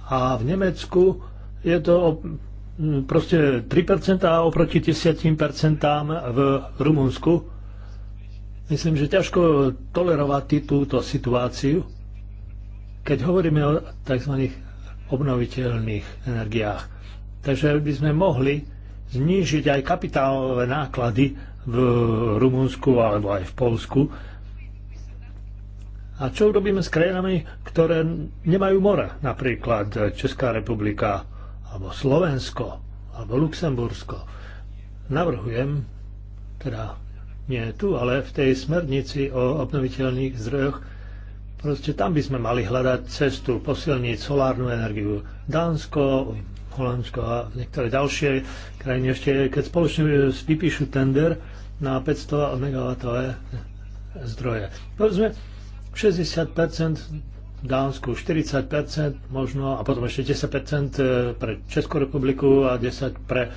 a v Nemecku je to proste 3% oproti 10% v Rumunsku. Myslím, že ťažko tolerovať túto situáciu, keď hovoríme o tzv. obnoviteľných energiách. Takže by sme mohli znížiť aj kapitálové náklady v Rumunsku alebo aj v Polsku, a čo urobíme s krajinami, ktoré nemajú more, napríklad Česká republika, alebo Slovensko, alebo Luxembursko. Navrhujem, teda nie tu, ale v tej smernici o obnoviteľných zdrojoch, proste tam by sme mali hľadať cestu, posilniť solárnu energiu. Dánsko, Holandsko a niektoré ďalšie krajiny ešte, keď spoločne vypíšu tender na 500 MW zdroje. Povedzme, 60% v Dánsku, 40% možno a potom ešte 10% e, pre Českú republiku a 10% pre e,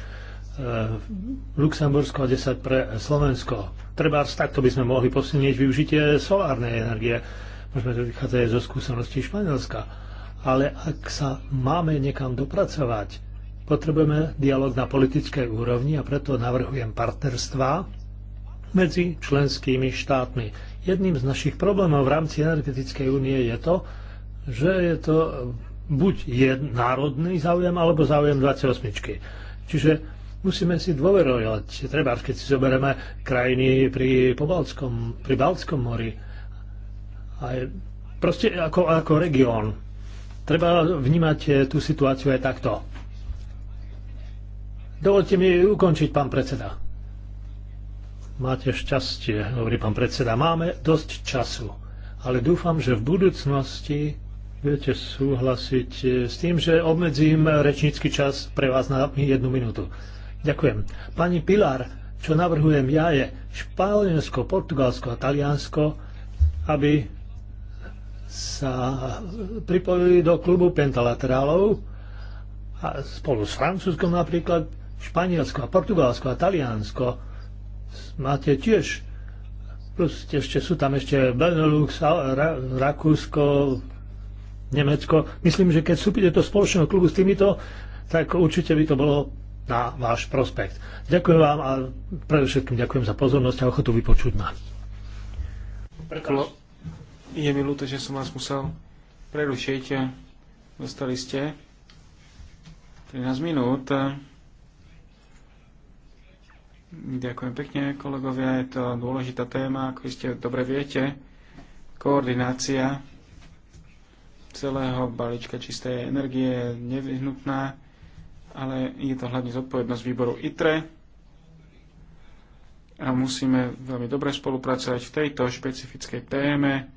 Luxembursko a 10 pre Slovensko. Treba takto by sme mohli posilniť využitie solárnej energie. Môžeme to vychádzať zo skúseností Španielska. Ale ak sa máme niekam dopracovať, potrebujeme dialog na politickej úrovni a preto navrhujem partnerstva medzi členskými štátmi Jedným z našich problémov v rámci energetickej únie je to, že je to buď národný záujem, alebo záujem 28. Čiže musíme si dôverovať. Treba, keď si zoberieme krajiny pri, Pobalskom, pri Balckom mori, aj proste ako, ako región. Treba vnímať eh, tú situáciu aj takto. Dovolte mi ukončiť, pán predseda. Máte šťastie, hovorí pán predseda. Máme dosť času, ale dúfam, že v budúcnosti budete súhlasiť s tým, že obmedzím rečnícky čas pre vás na jednu minútu. Ďakujem. Pani Pilar, čo navrhujem ja je Španielsko, Portugalsko a Taliansko, aby sa pripojili do klubu pentalaterálov a spolu s Francúzskom napríklad Španielsko a Portugalsko a Taliansko máte tiež plus ešte sú tam ešte Benelux, Rakúsko, Nemecko. Myslím, že keď súpite do spoločného klubu s týmito, tak určite by to bolo na váš prospekt. Ďakujem vám a predovšetkým ďakujem za pozornosť a ochotu vypočuť ma. Klo, je mi ľúto, že som vás musel prerušiť. Dostali ste 13 minút. Ďakujem pekne, kolegovia. Je to dôležitá téma, ako ste dobre viete. Koordinácia celého balíčka čistej energie je nevyhnutná, ale je to hlavne zodpovednosť výboru ITRE a musíme veľmi dobre spolupracovať v tejto špecifickej téme.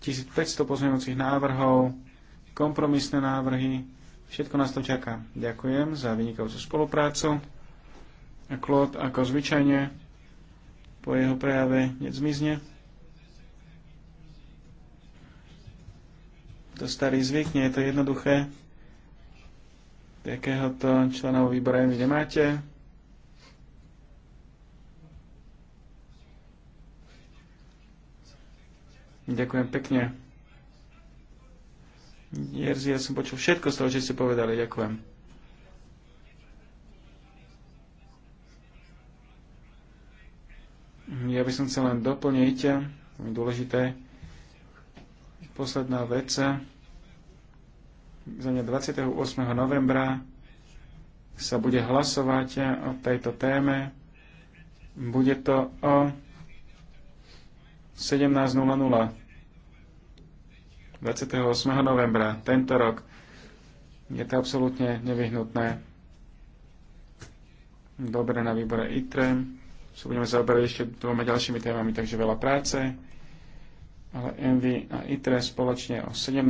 1500 pozmeňujúcich návrhov, kompromisné návrhy, všetko nás to čaká. Ďakujem za vynikajúcu spoluprácu. A Klot, ako zvyčajne, po jeho prejave hneď zmizne. To starý zvyk, nie je to jednoduché. Takéhoto členov výbora vy nemáte. Ďakujem pekne. Jerzy, ja som počul všetko z toho, čo ste povedali. Ďakujem. Ja by som chcel len doplniť, veľmi eh, dôležité, posledná vec, eh, za mňa 28. novembra sa bude hlasovať eh, o tejto téme. Bude to o 17.00. 28. novembra tento rok. Je to absolútne nevyhnutné. Dobre na výbore ITRE sa budeme zaoberať ešte dvoma ďalšími témami, takže veľa práce. Ale MV a ITRE spoločne o 17.00.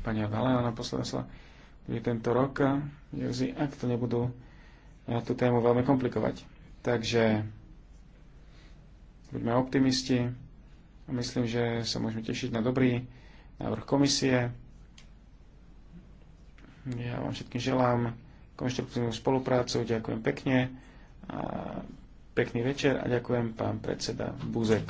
Pani Valeana posledná sa bude tento rok, Jozi, ak to nebudú eh, tú tému veľmi komplikovať. Takže buďme optimisti a myslím, že sa môžeme tešiť na dobrý návrh komisie. Ja vám všetkým želám konštruktívnu spoluprácu, ďakujem pekne a pekný večer a ďakujem pán predseda Buzek.